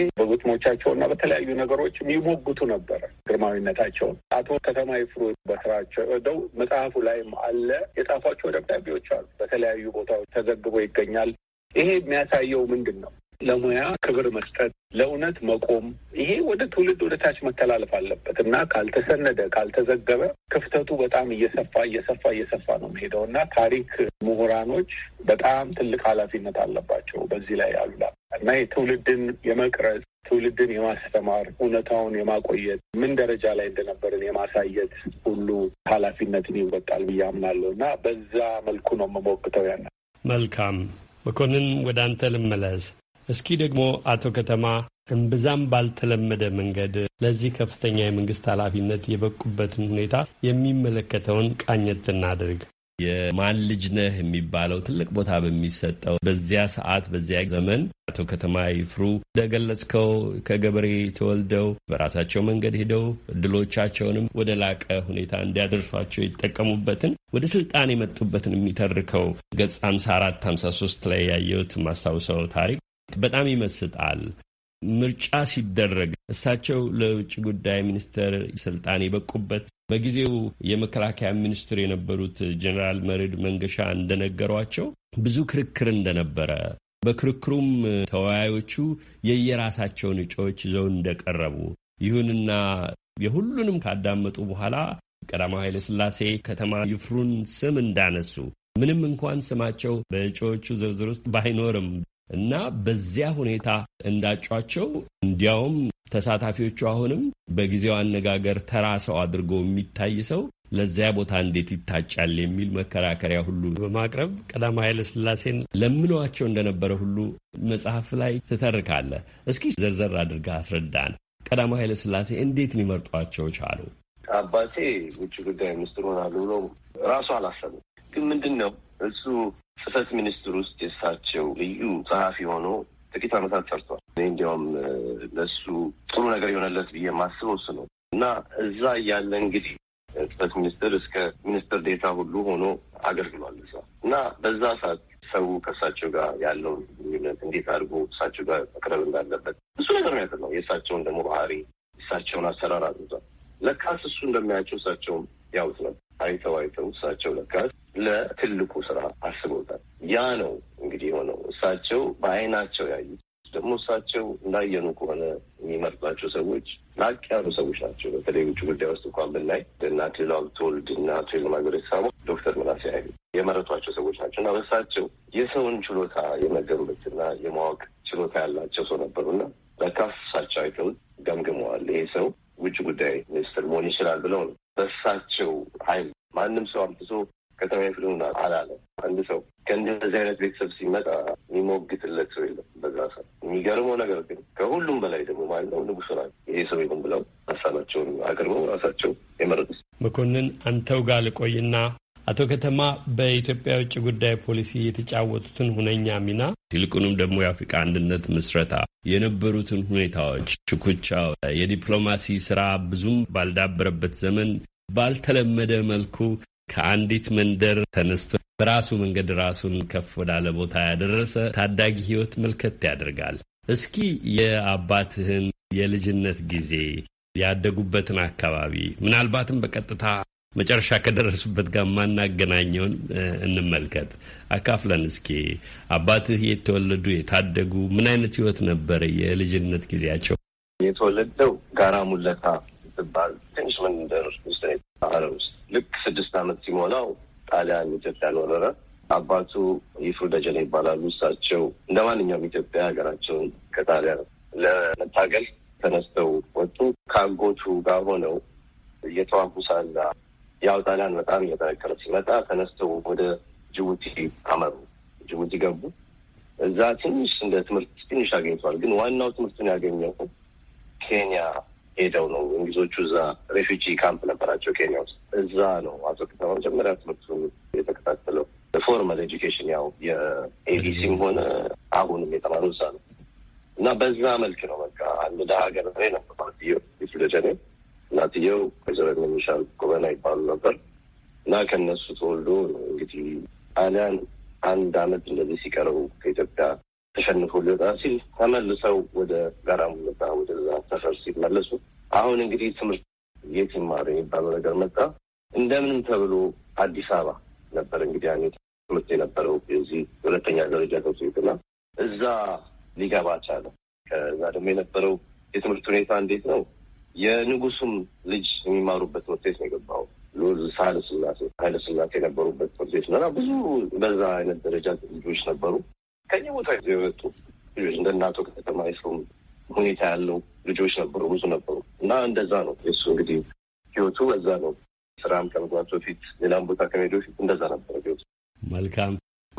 እና በተለያዩ ነገሮች የሚሞግቱ ነበረ ግርማዊነታቸውን። አቶ ከተማ ይፍሩ በስራቸው ደው መጽሐፉ ላይም አለ የጻፏቸው ደብዳቤዎች አሉ፣ በተለያዩ ቦታዎች ተዘግቦ ይገኛል። ይሄ የሚያሳየው ምንድን ነው? ለሙያ ክብር መስጠት፣ ለእውነት መቆም ይሄ ወደ ትውልድ ወደ ታች መተላለፍ አለበት እና ካልተሰነደ ካልተዘገበ ክፍተቱ በጣም እየሰፋ እየሰፋ እየሰፋ ነው የሚሄደው እና ታሪክ ምሁራኖች በጣም ትልቅ ኃላፊነት አለባቸው በዚህ ላይ አሉላ እና የትውልድን የመቅረጽ ትውልድን የማስተማር እውነታውን የማቆየት ምን ደረጃ ላይ እንደነበርን የማሳየት ሁሉ ኃላፊነትን ይወጣል ብዬ አምናለሁ እና በዛ መልኩ ነው የምሞግተው። ያና መልካም መኮንን፣ ወደ አንተ ልመለስ። እስኪ ደግሞ አቶ ከተማ እምብዛም ባልተለመደ መንገድ ለዚህ ከፍተኛ የመንግስት ኃላፊነት የበቁበትን ሁኔታ የሚመለከተውን ቃኘት እናድርግ። የማን ልጅ ነህ የሚባለው ትልቅ ቦታ በሚሰጠው በዚያ ሰዓት በዚያ ዘመን አቶ ከተማ ይፍሩ እንደገለጽከው ከገበሬ ተወልደው በራሳቸው መንገድ ሄደው እድሎቻቸውንም ወደ ላቀ ሁኔታ እንዲያደርሷቸው ይጠቀሙበትን ወደ ስልጣን የመጡበትን የሚተርከው ገጽ 54 53 ላይ ያየሁት ማስታውሰው ታሪክ በጣም ይመስጣል። ምርጫ ሲደረግ እሳቸው ለውጭ ጉዳይ ሚኒስቴር ስልጣን የበቁበት በጊዜው የመከላከያ ሚኒስትር የነበሩት ጀኔራል መሬድ መንገሻ እንደነገሯቸው ብዙ ክርክር እንደነበረ በክርክሩም ተወያዮቹ የየራሳቸውን እጩዎች ይዘው እንደቀረቡ ይሁንና የሁሉንም ካዳመጡ በኋላ ቀዳማዊ ኃይለ ሥላሴ ከተማ ይፍሩን ስም እንዳነሱ ምንም እንኳን ስማቸው በእጩዎቹ ዝርዝር ውስጥ ባይኖርም እና በዚያ ሁኔታ እንዳጯቸው እንዲያውም ተሳታፊዎቹ አሁንም በጊዜው አነጋገር ተራ ሰው አድርጎ የሚታይ ሰው ለዚያ ቦታ እንዴት ይታጫል የሚል መከራከሪያ ሁሉ በማቅረብ ቀዳማዊ ኃይለ ሥላሴን ለምኗቸው እንደነበረ ሁሉ መጽሐፍ ላይ ትተርካለህ። እስኪ ዘርዘር አድርጋ አስረዳን። ቀዳማዊ ኃይለ ሥላሴ እንዴት ሊመርጧቸው ቻሉ? አባቴ ውጭ ጉዳይ ሚኒስትር ሆናሉ ብሎ ራሱ አላሰብም። ግን ምንድን ነው እሱ ጽህፈት ሚኒስትር ውስጥ የእሳቸው ልዩ ጸሐፊ ሆኖ ጥቂት ዓመታት ሰርቷል። እኔ እንዲያውም ለእሱ ጥሩ ነገር የሆነለት ብዬ የማስበው እሱ ነው እና እዛ እያለ እንግዲህ ጽህፈት ሚኒስትር እስከ ሚኒስትር ዴታ ሁሉ ሆኖ አገልግሏል እዛ እና በዛ ሰዓት ሰው ከእሳቸው ጋር ያለውን ግንኙነት እንዴት አድርጎ እሳቸው ጋር መቅረብ እንዳለበት እሱ ነገር ነው ያለው። የእሳቸውን ደግሞ ባህሪ፣ እሳቸውን አሰራር አድርጓል። ለካስ እሱ እንደሚያቸው እሳቸውም ያውት ነው። አይተው አይተው እሳቸው ለካስ ለትልቁ ስራ አስበውታል። ያ ነው እንግዲህ የሆነው። እሳቸው በአይናቸው ያዩት ደግሞ እሳቸው እንዳየኑ ከሆነ የሚመርጧቸው ሰዎች ላቅ ያሉ ሰዎች ናቸው። በተለይ ውጭ ጉዳይ ውስጥ እንኳን ብናይ እና አቶ ይልማ እና አቶ ይልማ ዶክተር ምናሴ ኃይሌ የመረጧቸው ሰዎች ናቸው እና በእሳቸው የሰውን ችሎታ የመገመትና የማወቅ ችሎታ ያላቸው ሰው ነበሩና ለካስ እሳቸው አይተውት ገምግመዋል። ይሄ ሰው ውጭ ጉዳይ ሚኒስትር መሆን ይችላል ብለው ነው በእሳቸው ኃይል ማንም ሰው አምጥቶ ከተማ ፍሉን አላለ አንድ ሰው ከእንደዚህ አይነት ቤተሰብ ሲመጣ የሚሞግትለት ሰው የለም። በዛ ሰ የሚገርመው ነገር ግን ከሁሉም በላይ ደግሞ ማለት ነው ንጉሱ ና ይሄ ሰው ይሁን ብለው ሀሳባቸውን አቅርበው ራሳቸው የመረጡ መኮንን አንተው ጋር ልቆይና አቶ ከተማ በኢትዮጵያ የውጭ ጉዳይ ፖሊሲ የተጫወቱትን ሁነኛ ሚና ይልቁንም ደግሞ የአፍሪካ አንድነት ምስረታ የነበሩትን ሁኔታዎች፣ ሽኩቻ፣ የዲፕሎማሲ ስራ ብዙም ባልዳበረበት ዘመን ባልተለመደ መልኩ ከአንዲት መንደር ተነስቶ በራሱ መንገድ ራሱን ከፍ ወዳለ ቦታ ያደረሰ ታዳጊ ህይወት መልከት ያደርጋል። እስኪ የአባትህን የልጅነት ጊዜ ያደጉበትን አካባቢ ምናልባትም በቀጥታ መጨረሻ ከደረሱበት ጋር ማናገናኘውን እንመልከት። አካፍለን እስኪ አባትህ የተወለዱ የታደጉ ምን አይነት ህይወት ነበረ የልጅነት ጊዜያቸው? የተወለደው ጋራ ሙለታ ትባል ትንሽ መንደር ውስጥ ውስጥ ልክ ስድስት ዓመት ሲሞላው ጣሊያን ኢትዮጵያን ወረረ። አባቱ ይፍሩ ደጀኔ ይባላሉ። እሳቸው እንደ ማንኛውም ኢትዮጵያ ሀገራቸውን ከጣሊያን ለመታገል ተነስተው ወጡ። ከአጎቱ ጋር ሆነው እየተዋጉ ሳለ ያው ጣሊያን በጣም እየጠነከረ ሲመጣ ተነስተው ወደ ጅቡቲ አመሩ። ጅቡቲ ገቡ። እዛ ትንሽ እንደ ትምህርት ትንሽ አገኝቷል። ግን ዋናው ትምህርቱን ያገኘው ኬንያ ሄደው ነው። እንግሊዞቹ እዛ ሬፊጂ ካምፕ ነበራቸው ኬንያ ውስጥ። እዛ ነው አስወቅታ መጀመሪያ ትምህርቱ የተከታተለው። ፎርማል ኤጁኬሽን ያው የኤቢሲም ሆነ አሁንም የተማሩ እዛ ነው እና በዛ መልክ ነው በቃ አንድ ነው ገበሬ ነው ማለት እናትየው ወይዘሮ ሚሻል ጎበና ይባሉ ነበር እና ከነሱ ተወልዶ እንግዲህ ጣሊያን አንድ አመት እንደዚህ ሲቀረው ከኢትዮጵያ ተሸንፎ ሊወጣ ሲል ተመልሰው ወደ ጋራ ሙለታ ወደዛ ሰፈር ሲመለሱ አሁን እንግዲህ ትምህርት የት ይማሩ የሚባለው ነገር መጣ። እንደምንም ተብሎ አዲስ አበባ ነበር እንግዲህ አኔ ትምህርት የነበረው የዚህ ሁለተኛ ደረጃ ተብሶ እዛ ሊገባ ቻለ። ከዛ ደግሞ የነበረው የትምህርት ሁኔታ እንዴት ነው? የንጉሱም ልጅ የሚማሩበት ትምህርት ቤት ነው የገባው። ኃይለስላሴ ኃይለስላሴ የነበሩበት ትምህርት ቤት ነው እና ብዙ በዛ አይነት ደረጃ ልጆች ነበሩ ከየቦታ የመጡ ልጆች እንደ እናቶ ከተማ የሰውም ሁኔታ ያለው ልጆች ነበሩ፣ ብዙ ነበሩ እና እንደዛ ነው የሱ እንግዲህ ህይወቱ በዛ ነው። ስራም ከመግባቱ በፊት ሌላም ቦታ ከመሄዱ በፊት እንደዛ ነበረ ህይወቱ። መልካም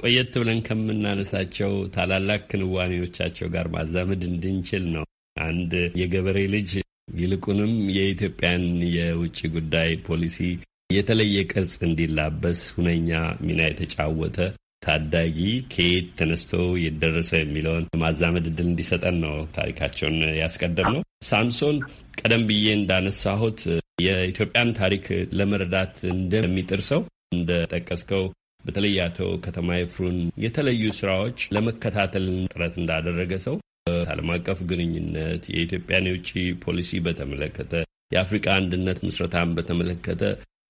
ቆየት ብለን ከምናነሳቸው ታላላቅ ክንዋኔዎቻቸው ጋር ማዛመድ እንድንችል ነው። አንድ የገበሬ ልጅ ይልቁንም የኢትዮጵያን የውጭ ጉዳይ ፖሊሲ የተለየ ቅርጽ እንዲላበስ ሁነኛ ሚና የተጫወተ ታዳጊ ከየት ተነስቶ የደረሰ የሚለውን ማዛመድ እድል እንዲሰጠን ነው ታሪካቸውን ያስቀደም ነው። ሳምሶን ቀደም ብዬ እንዳነሳሁት የኢትዮጵያን ታሪክ ለመረዳት እንደሚጥር ሰው እንደጠቀስከው በተለይ አቶ ከተማ ይፍሩን የተለዩ ስራዎች ለመከታተል ጥረት እንዳደረገ ሰው ዓለም አቀፍ ግንኙነት፣ የኢትዮጵያን የውጭ ፖሊሲ በተመለከተ፣ የአፍሪቃ አንድነት ምስረታን በተመለከተ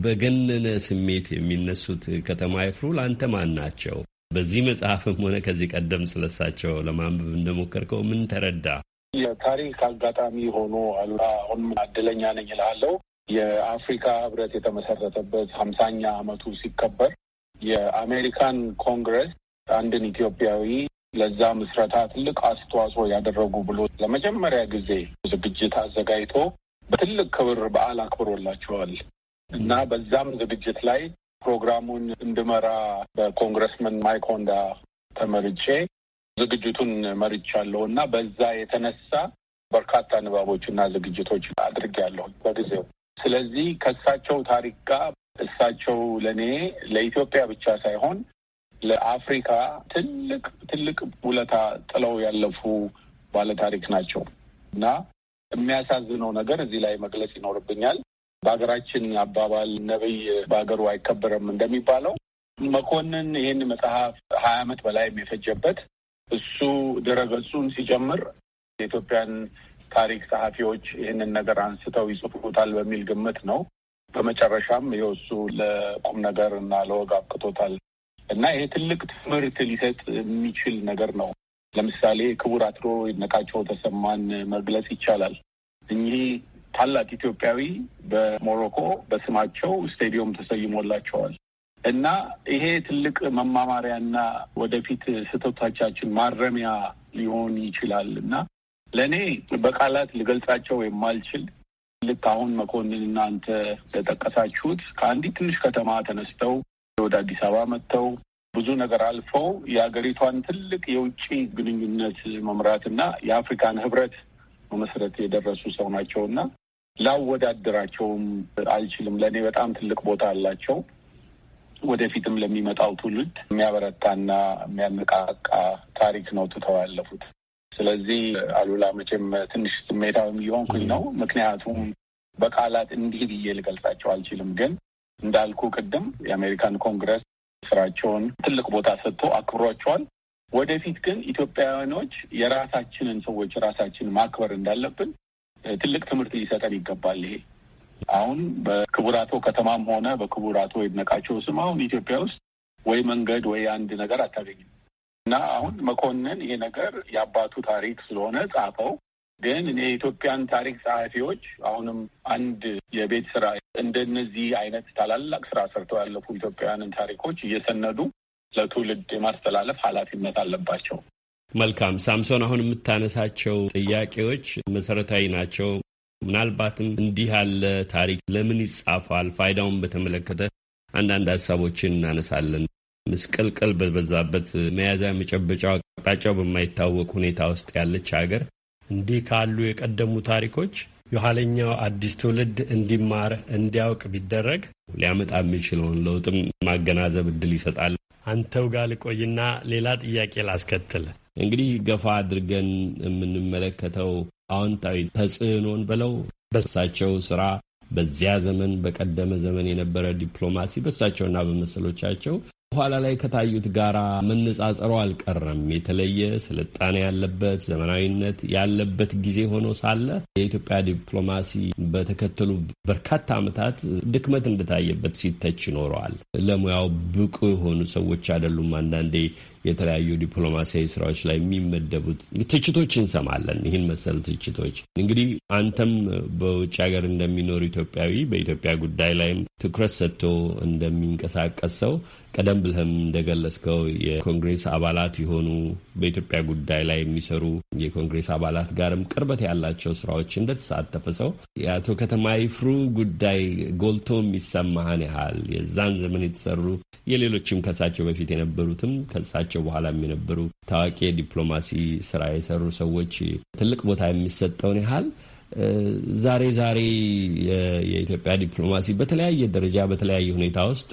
በገነነ ስሜት የሚነሱት ከተማ ይፍሩ ለአንተ ማን ናቸው? በዚህ መጽሐፍም ሆነ ከዚህ ቀደም ስለሳቸው ለማንበብ እንደሞከርከው ምን ተረዳ? የታሪክ አጋጣሚ ሆኖ አሉላ አሁን አደለኛ ነኝ እልሃለሁ። የአፍሪካ ህብረት የተመሰረተበት ሀምሳኛ ዓመቱ ሲከበር የአሜሪካን ኮንግረስ አንድን ኢትዮጵያዊ ለዛ ምስረታ ትልቅ አስተዋጽኦ ያደረጉ ብሎ ለመጀመሪያ ጊዜ ዝግጅት አዘጋጅቶ በትልቅ ክብር በዓል አክብሮላቸዋል እና በዛም ዝግጅት ላይ ፕሮግራሙን እንድመራ በኮንግረስመን ማይኮንዳ ተመርጬ ዝግጅቱን መርቻለሁ እና በዛ የተነሳ በርካታ ንባቦችና ዝግጅቶች አድርጌያለሁ በጊዜው። ስለዚህ ከእሳቸው ታሪክ ጋር እሳቸው ለእኔ ለኢትዮጵያ ብቻ ሳይሆን ለአፍሪካ ትልቅ ትልቅ ውለታ ጥለው ያለፉ ባለታሪክ ናቸው እና የሚያሳዝነው ነገር እዚህ ላይ መግለጽ ይኖርብኛል። በሀገራችን አባባል ነብይ በሀገሩ አይከበርም እንደሚባለው መኮንን ይህን መጽሐፍ ሀያ አመት በላይ የፈጀበት እሱ ድረገጹን ሲጀምር የኢትዮጵያን ታሪክ ጸሐፊዎች ይህንን ነገር አንስተው ይጽፉታል በሚል ግምት ነው። በመጨረሻም ይኸው እሱ ለቁም ነገር እና ለወግ አብቅቶታል። እና ይሄ ትልቅ ትምህርት ሊሰጥ የሚችል ነገር ነው። ለምሳሌ ክቡር አቶ ይድነቃቸው ተሰማን መግለጽ ይቻላል። እኚህ ታላቅ ኢትዮጵያዊ በሞሮኮ በስማቸው ስቴዲየም ተሰይሞላቸዋል እና ይሄ ትልቅ መማማሪያና ወደፊት ስህተቶቻችን ማረሚያ ሊሆን ይችላል እና ለእኔ በቃላት ልገልጻቸው የማልችል ልክ አሁን መኮንን እናንተ አንተ ከአንዲት ትንሽ ከተማ ተነስተው ወደ አዲስ አበባ መጥተው ብዙ ነገር አልፈው የሀገሪቷን ትልቅ የውጭ ግንኙነት መምራትና የአፍሪካን ህብረት መመስረት የደረሱ ሰው ናቸው እና ላወዳደራቸውም አልችልም። ለእኔ በጣም ትልቅ ቦታ አላቸው። ወደፊትም ለሚመጣው ትውልድ የሚያበረታና የሚያነቃቃ ታሪክ ነው ትተው ያለፉት። ስለዚህ አሉላ መቼም ትንሽ ስሜታዊም እየሆንኩኝ ነው። ምክንያቱም በቃላት እንዲህ ብዬ ልገልጻቸው አልችልም ግን እንዳልኩ ቅድም የአሜሪካን ኮንግረስ ስራቸውን ትልቅ ቦታ ሰጥቶ አክብሯቸዋል። ወደፊት ግን ኢትዮጵያውያኖች የራሳችንን ሰዎች ራሳችንን ማክበር እንዳለብን ትልቅ ትምህርት ሊሰጠን ይገባል። ይሄ አሁን በክቡር አቶ ከተማም ሆነ በክቡር አቶ ይድነቃቸው ስም አሁን ኢትዮጵያ ውስጥ ወይ መንገድ ወይ አንድ ነገር አታገኝም እና አሁን መኮንን ይሄ ነገር የአባቱ ታሪክ ስለሆነ ጻፈው ግን እኔ የኢትዮጵያን ታሪክ ጸሐፊዎች አሁንም አንድ የቤት ስራ እንደነዚህ አይነት ታላላቅ ስራ ሰርተው ያለፉ ኢትዮጵያውያንን ታሪኮች እየሰነዱ ለትውልድ የማስተላለፍ ኃላፊነት አለባቸው። መልካም ሳምሶን፣ አሁን የምታነሳቸው ጥያቄዎች መሰረታዊ ናቸው። ምናልባትም እንዲህ ያለ ታሪክ ለምን ይጻፋል? ፋይዳውን በተመለከተ አንዳንድ ሀሳቦችን እናነሳለን። ምስቅልቅል በበዛበት መያዣ መጨበጫው አቅጣጫው በማይታወቅ ሁኔታ ውስጥ ያለች ሀገር እንዲህ ካሉ የቀደሙ ታሪኮች የኋለኛው አዲስ ትውልድ እንዲማር እንዲያውቅ ቢደረግ ሊያመጣ የሚችለውን ለውጥም ማገናዘብ እድል ይሰጣል። አንተው ጋር ልቆይና ሌላ ጥያቄ ላስከትል። እንግዲህ ገፋ አድርገን የምንመለከተው አዎንታዊ ተጽዕኖን ብለው በሳቸው ስራ በዚያ ዘመን በቀደመ ዘመን የነበረ ዲፕሎማሲ በሳቸውና በመሰሎቻቸው በኋላ ላይ ከታዩት ጋራ መነጻጸሩ አልቀረም። የተለየ ስልጣኔ ያለበት ዘመናዊነት ያለበት ጊዜ ሆኖ ሳለ የኢትዮጵያ ዲፕሎማሲ በተከተሉ በርካታ ዓመታት ድክመት እንደታየበት ሲተች ይኖረዋል። ለሙያው ብቁ የሆኑ ሰዎች አይደሉም አንዳንዴ የተለያዩ ዲፕሎማሲያዊ ስራዎች ላይ የሚመደቡት ትችቶች እንሰማለን። ይህን መሰል ትችቶች እንግዲህ አንተም በውጭ ሀገር እንደሚኖር ኢትዮጵያዊ በኢትዮጵያ ጉዳይ ላይም ትኩረት ሰጥቶ እንደሚንቀሳቀስ ሰው ቀደም ብለህም እንደገለጽከው የኮንግሬስ አባላት የሆኑ በኢትዮጵያ ጉዳይ ላይ የሚሰሩ የኮንግሬስ አባላት ጋርም ቅርበት ያላቸው ስራዎች እንደተሳተፈ ሰው የአቶ ከተማ ይፍሩ ጉዳይ ጎልቶ የሚሰማህን ያህል የዛን ዘመን የተሰሩ የሌሎችም ከሳቸው በፊት የነበሩትም ከሳቸው ከእርሳቸው በኋላም የነበሩ ታዋቂ ዲፕሎማሲ ስራ የሰሩ ሰዎች ትልቅ ቦታ የሚሰጠውን ያህል ዛሬ ዛሬ የኢትዮጵያ ዲፕሎማሲ በተለያየ ደረጃ በተለያየ ሁኔታ ውስጥ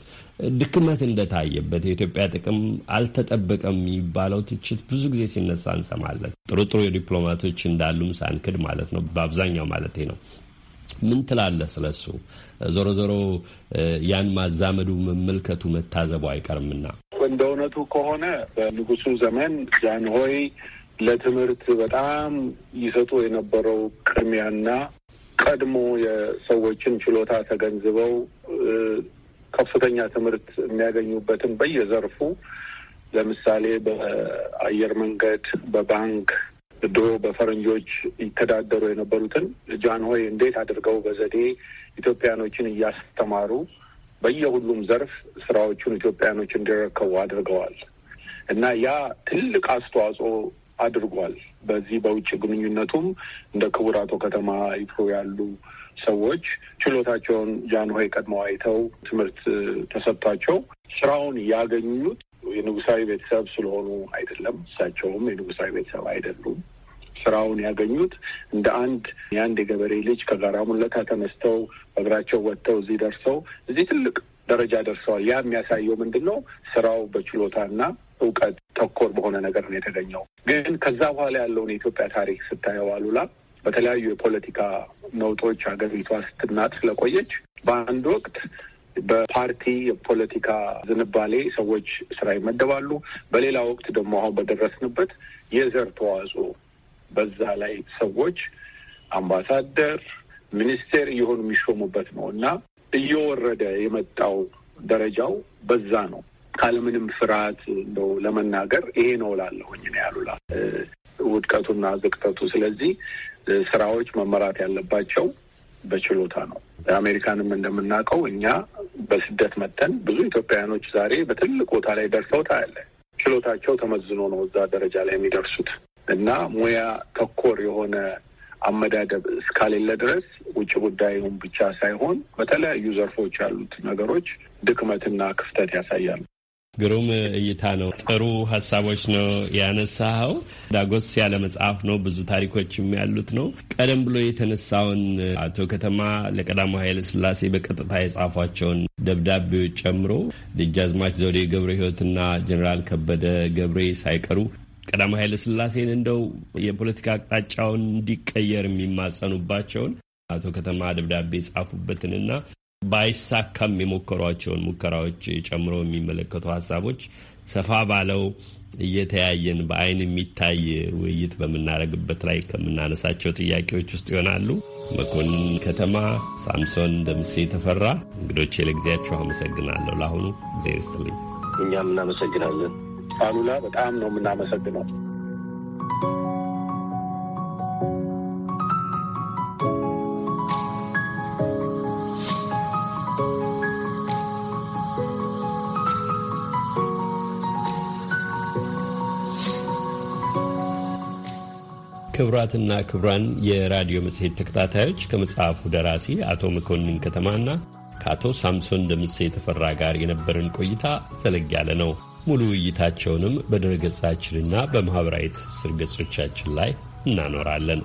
ድክመት እንደታየበት የኢትዮጵያ ጥቅም አልተጠበቀም የሚባለው ትችት ብዙ ጊዜ ሲነሳ እንሰማለን። ጥሩ ጥሩ ዲፕሎማቶች እንዳሉም ሳንክድ ማለት ነው። በአብዛኛው ማለት ነው። ምን ትላለህ ስለሱ? ዞሮ ዞሮ ያን ማዛመዱ መመልከቱ መታዘቡ አይቀርምና እንደ እውነቱ ከሆነ በንጉሱ ዘመን ጃንሆይ ለትምህርት በጣም ይሰጡ የነበረው ቅድሚያና ቀድሞ የሰዎችን ችሎታ ተገንዝበው ከፍተኛ ትምህርት የሚያገኙበትን በየዘርፉ ለምሳሌ በአየር መንገድ፣ በባንክ ድሮ በፈረንጆች ይተዳደሩ የነበሩትን ጃንሆይ እንዴት አድርገው በዘዴ ኢትዮጵያኖችን እያስተማሩ በየሁሉም ዘርፍ ስራዎቹን ኢትዮጵያኖች እንዲረከቡ አድርገዋል እና ያ ትልቅ አስተዋጽኦ አድርጓል። በዚህ በውጭ ግንኙነቱም እንደ ክቡር አቶ ከተማ ይፍሩ ያሉ ሰዎች ችሎታቸውን ጃንሆይ ቀድመው አይተው ትምህርት ተሰጥቷቸው ስራውን ያገኙት የንጉሳዊ ቤተሰብ ስለሆኑ አይደለም። እሳቸውም የንጉሳዊ ቤተሰብ አይደሉም። ስራውን ያገኙት እንደ አንድ የአንድ የገበሬ ልጅ ከጋራ ሙለታ ተነስተው በእግራቸው ወጥተው እዚህ ደርሰው እዚህ ትልቅ ደረጃ ደርሰዋል። ያ የሚያሳየው ምንድን ነው? ስራው በችሎታና እውቀት ተኮር በሆነ ነገር ነው የተገኘው። ግን ከዛ በኋላ ያለውን የኢትዮጵያ ታሪክ ስታየው አሉላ በተለያዩ የፖለቲካ ነውጦች ሀገሪቷ ስትናጥ ስለቆየች በአንድ ወቅት በፓርቲ የፖለቲካ ዝንባሌ ሰዎች ስራ ይመደባሉ። በሌላ ወቅት ደግሞ አሁን በደረስንበት የዘር ተዋጽኦ በዛ ላይ ሰዎች አምባሳደር፣ ሚኒስቴር እየሆኑ የሚሾሙበት ነው እና እየወረደ የመጣው ደረጃው በዛ ነው። ካለምንም ፍርሃት እንደው ለመናገር ይሄ ነው ላለሁኝ ያሉላ ውድቀቱና ዝቅጠቱ። ስለዚህ ስራዎች መመራት ያለባቸው በችሎታ ነው። አሜሪካንም እንደምናውቀው እኛ በስደት መተን ብዙ ኢትዮጵያውያኖች ዛሬ በትልቅ ቦታ ላይ ደርሰው ታያለ። ችሎታቸው ተመዝኖ ነው እዛ ደረጃ ላይ የሚደርሱት። እና ሙያ ተኮር የሆነ አመዳደብ እስካሌለ ድረስ ውጭ ጉዳዩን ብቻ ሳይሆን በተለያዩ ዘርፎች ያሉት ነገሮች ድክመትና ክፍተት ያሳያሉ። ግሩም እይታ ነው። ጥሩ ሀሳቦች ነው ያነሳኸው። ዳጎስ ያለ መጽሐፍ ነው፣ ብዙ ታሪኮችም ያሉት ነው። ቀደም ብሎ የተነሳውን አቶ ከተማ ለቀዳማዊ ኃይለ ሥላሴ በቀጥታ የጻፏቸውን ደብዳቤዎች ጨምሮ ደጃዝማች ዘውዴ ገብረ ሕይወትና ጀኔራል ከበደ ገብሬ ሳይቀሩ ቀዳማዊ ኃይለ ሥላሴን እንደው የፖለቲካ አቅጣጫውን እንዲቀየር የሚማጸኑባቸውን አቶ ከተማ ደብዳቤ የጻፉበትንና ባይሳካም የሞከሯቸውን ሙከራዎች ጨምሮ የሚመለከቱ ሀሳቦች ሰፋ ባለው እየተያየን በአይን የሚታይ ውይይት በምናደርግበት ላይ ከምናነሳቸው ጥያቄዎች ውስጥ ይሆናሉ። መኮንን ከተማ፣ ሳምሶን ደምሴ ተፈራ እንግዶቼ ለጊዜያቸው አመሰግናለሁ። ለአሁኑ ጊዜ ይስጥልኝ። እኛም እናመሰግናለን። አሉላ በጣም ነው የምናመሰግነው። ክቡራትና ክቡራን የራዲዮ መጽሔት ተከታታዮች ከመጽሐፉ ደራሲ አቶ መኮንን ከተማና ከአቶ ሳምሶን ደምሴ የተፈራ ጋር የነበረን ቆይታ ዘለግ ያለ ነው። ሙሉ ውይይታቸውንም በድረገጻችንና በማኅበራዊ ትስስር ገጾቻችን ላይ እናኖራለን።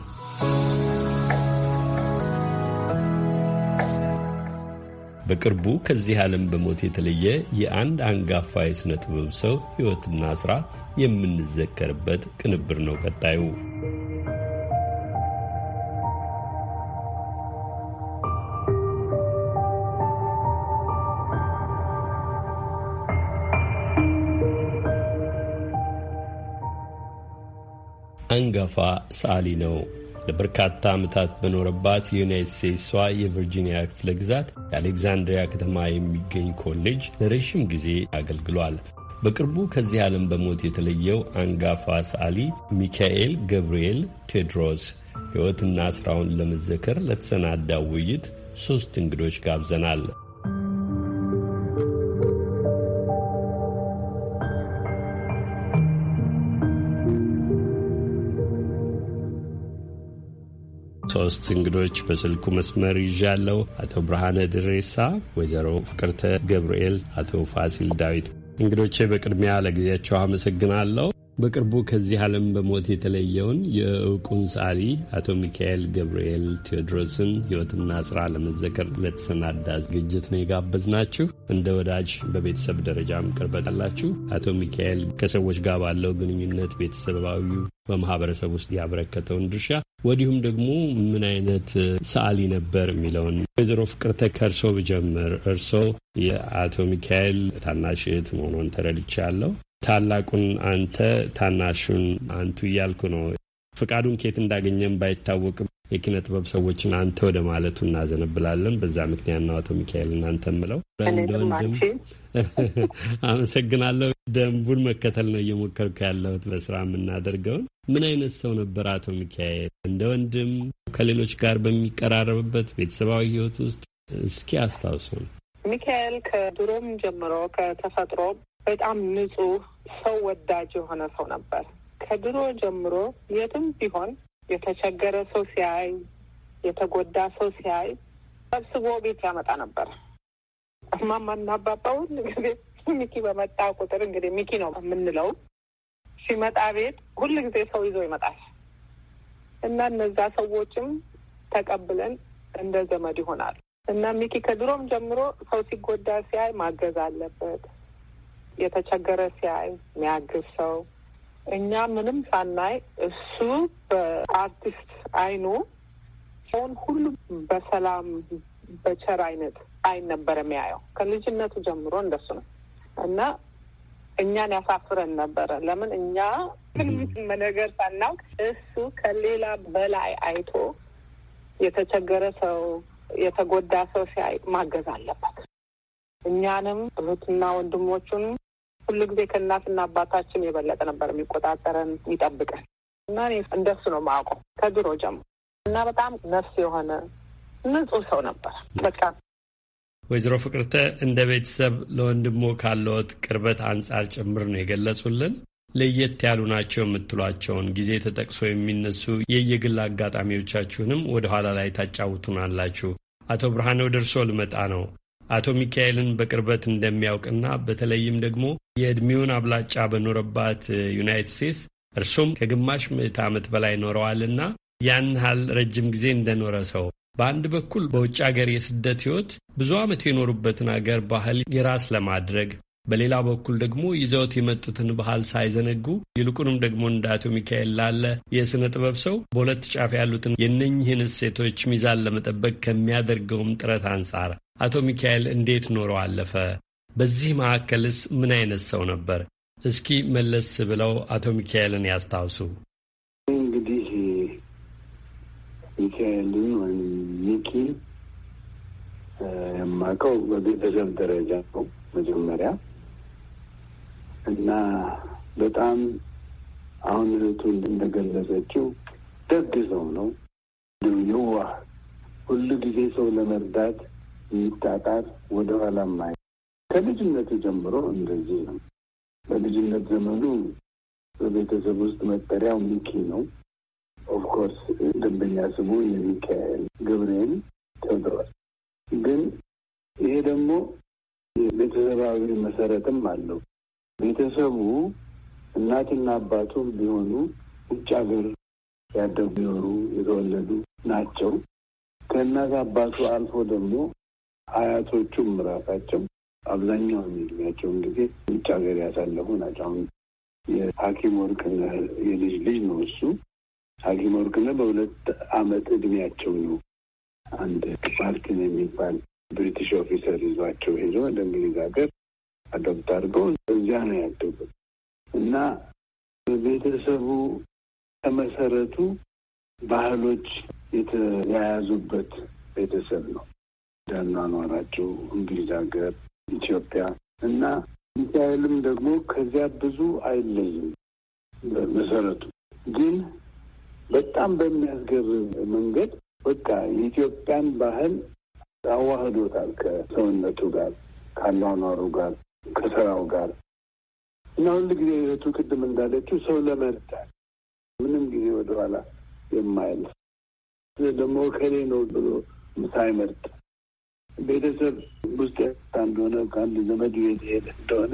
በቅርቡ ከዚህ ዓለም በሞት የተለየ የአንድ አንጋፋ የሥነ ጥበብ ሰው ሕይወትና ሥራ የምንዘከርበት ቅንብር ነው ቀጣዩ። አንጋፋ ሰዓሊ ነው። ለበርካታ ዓመታት በኖረባት የዩናይት ስቴትሷ የቨርጂኒያ ክፍለ ግዛት የአሌግዛንድሪያ ከተማ የሚገኝ ኮሌጅ ለረዥም ጊዜ አገልግሏል። በቅርቡ ከዚህ ዓለም በሞት የተለየው አንጋፋ ሰዓሊ ሚካኤል ገብርኤል ቴድሮስ ሕይወትና ሥራውን ለመዘከር ለተሰናዳው ውይይት ሦስት እንግዶች ጋብዘናል። ሶስት እንግዶች በስልኩ መስመር ይዣለሁ። አቶ ብርሃነ ድሬሳ፣ ወይዘሮ ፍቅርተ ገብርኤል፣ አቶ ፋሲል ዳዊት። እንግዶቼ በቅድሚያ ለጊዜያቸው አመሰግናለሁ። በቅርቡ ከዚህ ዓለም በሞት የተለየውን የእውቁን ሰዓሊ አቶ ሚካኤል ገብርኤል ቴዎድሮስን ሕይወትና ሥራ ለመዘከር ለተሰናዳ ዝግጅት ነው የጋበዝናችሁ። እንደ ወዳጅ በቤተሰብ ደረጃም ቅርበት አላችሁ። አቶ ሚካኤል ከሰዎች ጋር ባለው ግንኙነት ቤተሰባዊ በማህበረሰብ ውስጥ ያበረከተውን ድርሻ ወዲሁም ደግሞ ምን አይነት ሰዓሊ ነበር የሚለውን ወይዘሮ ፍቅርተ ከእርሶ ብጀምር። እርሶ የአቶ ሚካኤል ታናሽ እህት መሆኖን ተረድቻለሁ። ታላቁን አንተ ታናሹን አንቱ እያልኩ ነው። ፍቃዱን ኬት እንዳገኘም ባይታወቅም የኪነ ጥበብ ሰዎችን አንተ ወደ ማለቱ እናዘነብላለን። በዛ ምክንያት ነው አቶ ሚካኤል እናንተ ምለው ወንድም። አመሰግናለሁ። ደንቡን መከተል ነው እየሞከርኩ ያለሁት በስራ የምናደርገውን። ምን አይነት ሰው ነበር አቶ ሚካኤል? እንደ ወንድም ከሌሎች ጋር በሚቀራረብበት ቤተሰባዊ ህይወት ውስጥ እስኪ አስታውሱን። ሚካኤል ከድሮም ጀምሮ ከተፈጥሮ በጣም ንጹህ ሰው ወዳጅ የሆነ ሰው ነበር። ከድሮ ጀምሮ የትም ቢሆን የተቸገረ ሰው ሲያይ፣ የተጎዳ ሰው ሲያይ ሰብስቦ ቤት ያመጣ ነበር። እማማና አባባ ሁል ጊዜ ሚኪ በመጣ ቁጥር እንግዲህ ሚኪ ነው የምንለው ሲመጣ ቤት ሁል ጊዜ ሰው ይዞ ይመጣል እና እነዛ ሰዎችም ተቀብለን እንደ ዘመድ ይሆናሉ እና ሚኪ ከድሮም ጀምሮ ሰው ሲጎዳ ሲያይ ማገዝ አለበት የተቸገረ ሲያይ የሚያግዝ ሰው እኛ ምንም ሳናይ እሱ በአርቲስት አይኑ ሰውን ሁሉ በሰላም በቸር አይነት አይን ነበር የሚያየው። ከልጅነቱ ጀምሮ እንደሱ ነው እና እኛን ያሳፍረን ነበረ። ለምን እኛ ነገር ሳናውቅ እሱ ከሌላ በላይ አይቶ የተቸገረ ሰው የተጎዳ ሰው ሲያይ ማገዝ አለበት እኛንም እህትና ወንድሞቹን ሁሉ ጊዜ ከእናትና አባታችን የበለጠ ነበር የሚቆጣጠረን የሚጠብቀን እና እኔ እንደሱ ነው የማውቀው ከድሮ ጀምሮ እና በጣም ነፍስ የሆነ ንጹህ ሰው ነበር በቃ። ወይዘሮ ፍቅርተ እንደ ቤተሰብ ለወንድሞ ካለዎት ቅርበት አንጻር ጭምር ነው የገለጹልን። ለየት ያሉ ናቸው የምትሏቸውን ጊዜ ተጠቅሶ የሚነሱ የየግል አጋጣሚዎቻችሁንም ወደ ኋላ ላይ ታጫውቱናላችሁ። አቶ ብርሃን ወደ ልመጣ ነው። አቶ ሚካኤልን በቅርበት እንደሚያውቅና በተለይም ደግሞ የእድሜውን አብላጫ በኖረባት ዩናይትድ ስቴትስ እርሱም ከግማሽ ምዕተ ዓመት በላይ ኖረዋልና ያን ያህል ረጅም ጊዜ እንደኖረ ሰው በአንድ በኩል በውጭ አገር የስደት ሕይወት ብዙ ዓመት የኖሩበትን አገር ባህል የራስ ለማድረግ በሌላ በኩል ደግሞ ይዘውት የመጡትን ባህል ሳይዘነጉ ይልቁንም ደግሞ እንደ አቶ ሚካኤል ላለ የሥነ ጥበብ ሰው በሁለት ጫፍ ያሉትን የነኝህን እሴቶች ሚዛን ለመጠበቅ ከሚያደርገውም ጥረት አንጻር አቶ ሚካኤል እንዴት ኖሮ አለፈ? በዚህ መካከልስ ምን አይነት ሰው ነበር? እስኪ መለስ ብለው አቶ ሚካኤልን ያስታውሱ። እንግዲህ ሚካኤልን ወይም ሚኪን የማውቀው በቤተሰብ ደረጃ ነው መጀመሪያ እና በጣም አሁን እህቱ እንደገለጸችው ደግ ሰው ነው። የዋህ ሁሉ ጊዜ ሰው ለመርዳት የሚጣጣር ወደኋላ ማይ ከልጅነቱ ጀምሮ እንደዚህ ነው። በልጅነት ዘመኑ በቤተሰብ ውስጥ መጠሪያው ሚኪ ነው። ኦፍኮርስ ደንበኛ ስሙ የሚካኤል ገብርኤል ቴዎድሮስ። ግን ይሄ ደግሞ የቤተሰባዊ መሰረትም አለው። ቤተሰቡ እናትና አባቱ ቢሆኑ ውጭ ሀገር ያደጉ ቢኖሩ የተወለዱ ናቸው። ከእናት አባቱ አልፎ ደግሞ አያቶቹም ራሳቸው አብዛኛውን እድሜያቸውን ጊዜ ውጭ ሀገር ያሳለፉ ናቸው። አሁን የሐኪም ወርቅነህ የልጅ ልጅ ነው እሱ። ሐኪም ወርቅነህ በሁለት አመት እድሜያቸው ነው አንድ ማርቲን የሚባል ብሪቲሽ ኦፊሰር ይዟቸው ሄዶ ወደ እንግሊዝ ሀገር አዶፕት አድርገው እዚያ ነው ያደጉት እና ቤተሰቡ ከመሰረቱ ባህሎች የተያያዙበት ቤተሰብ ነው። ኗራቸው እንግሊዝ ሀገር፣ ኢትዮጵያ እና ሚካኤልም ደግሞ ከዚያ ብዙ አይለይም። በመሰረቱ ግን በጣም በሚያስገርም መንገድ በቃ የኢትዮጵያን ባህል አዋህዶታል ከሰውነቱ ጋር፣ ከአኗኗሩ ጋር፣ ከስራው ጋር እና ጊዜ ህይወቱ ቅድም እንዳለችው ሰው ለመርዳት ምንም ጊዜ ወደኋላ የማይል ደግሞ ከሌ ነው ብሎ ሳይመርጥ ቤተሰብ ውስጥ እንደሆነ ከአንድ ዘመድ ቤት ሄደ እንደሆነ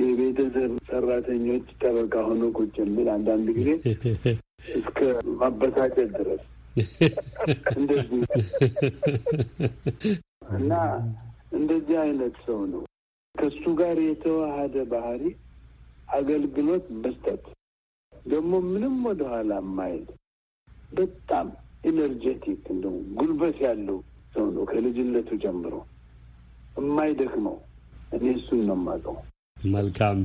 የቤተሰብ ሰራተኞች ጠበቃ ሆኖ ቁጭ የሚል አንዳንድ ጊዜ እስከ ማበሳጨት ድረስ እንደዚህ እና እንደዚህ አይነት ሰው ነው። ከሱ ጋር የተዋሃደ ባህሪ አገልግሎት መስጠት ደግሞ ምንም ወደኋላ ማይል በጣም ኢነርጀቲክ እንደ ጉልበት ያለው ሰው ነው። ከልጅነቱ ጀምሮ የማይደክመው እኔ እሱን ነው የማውቀው። መልካም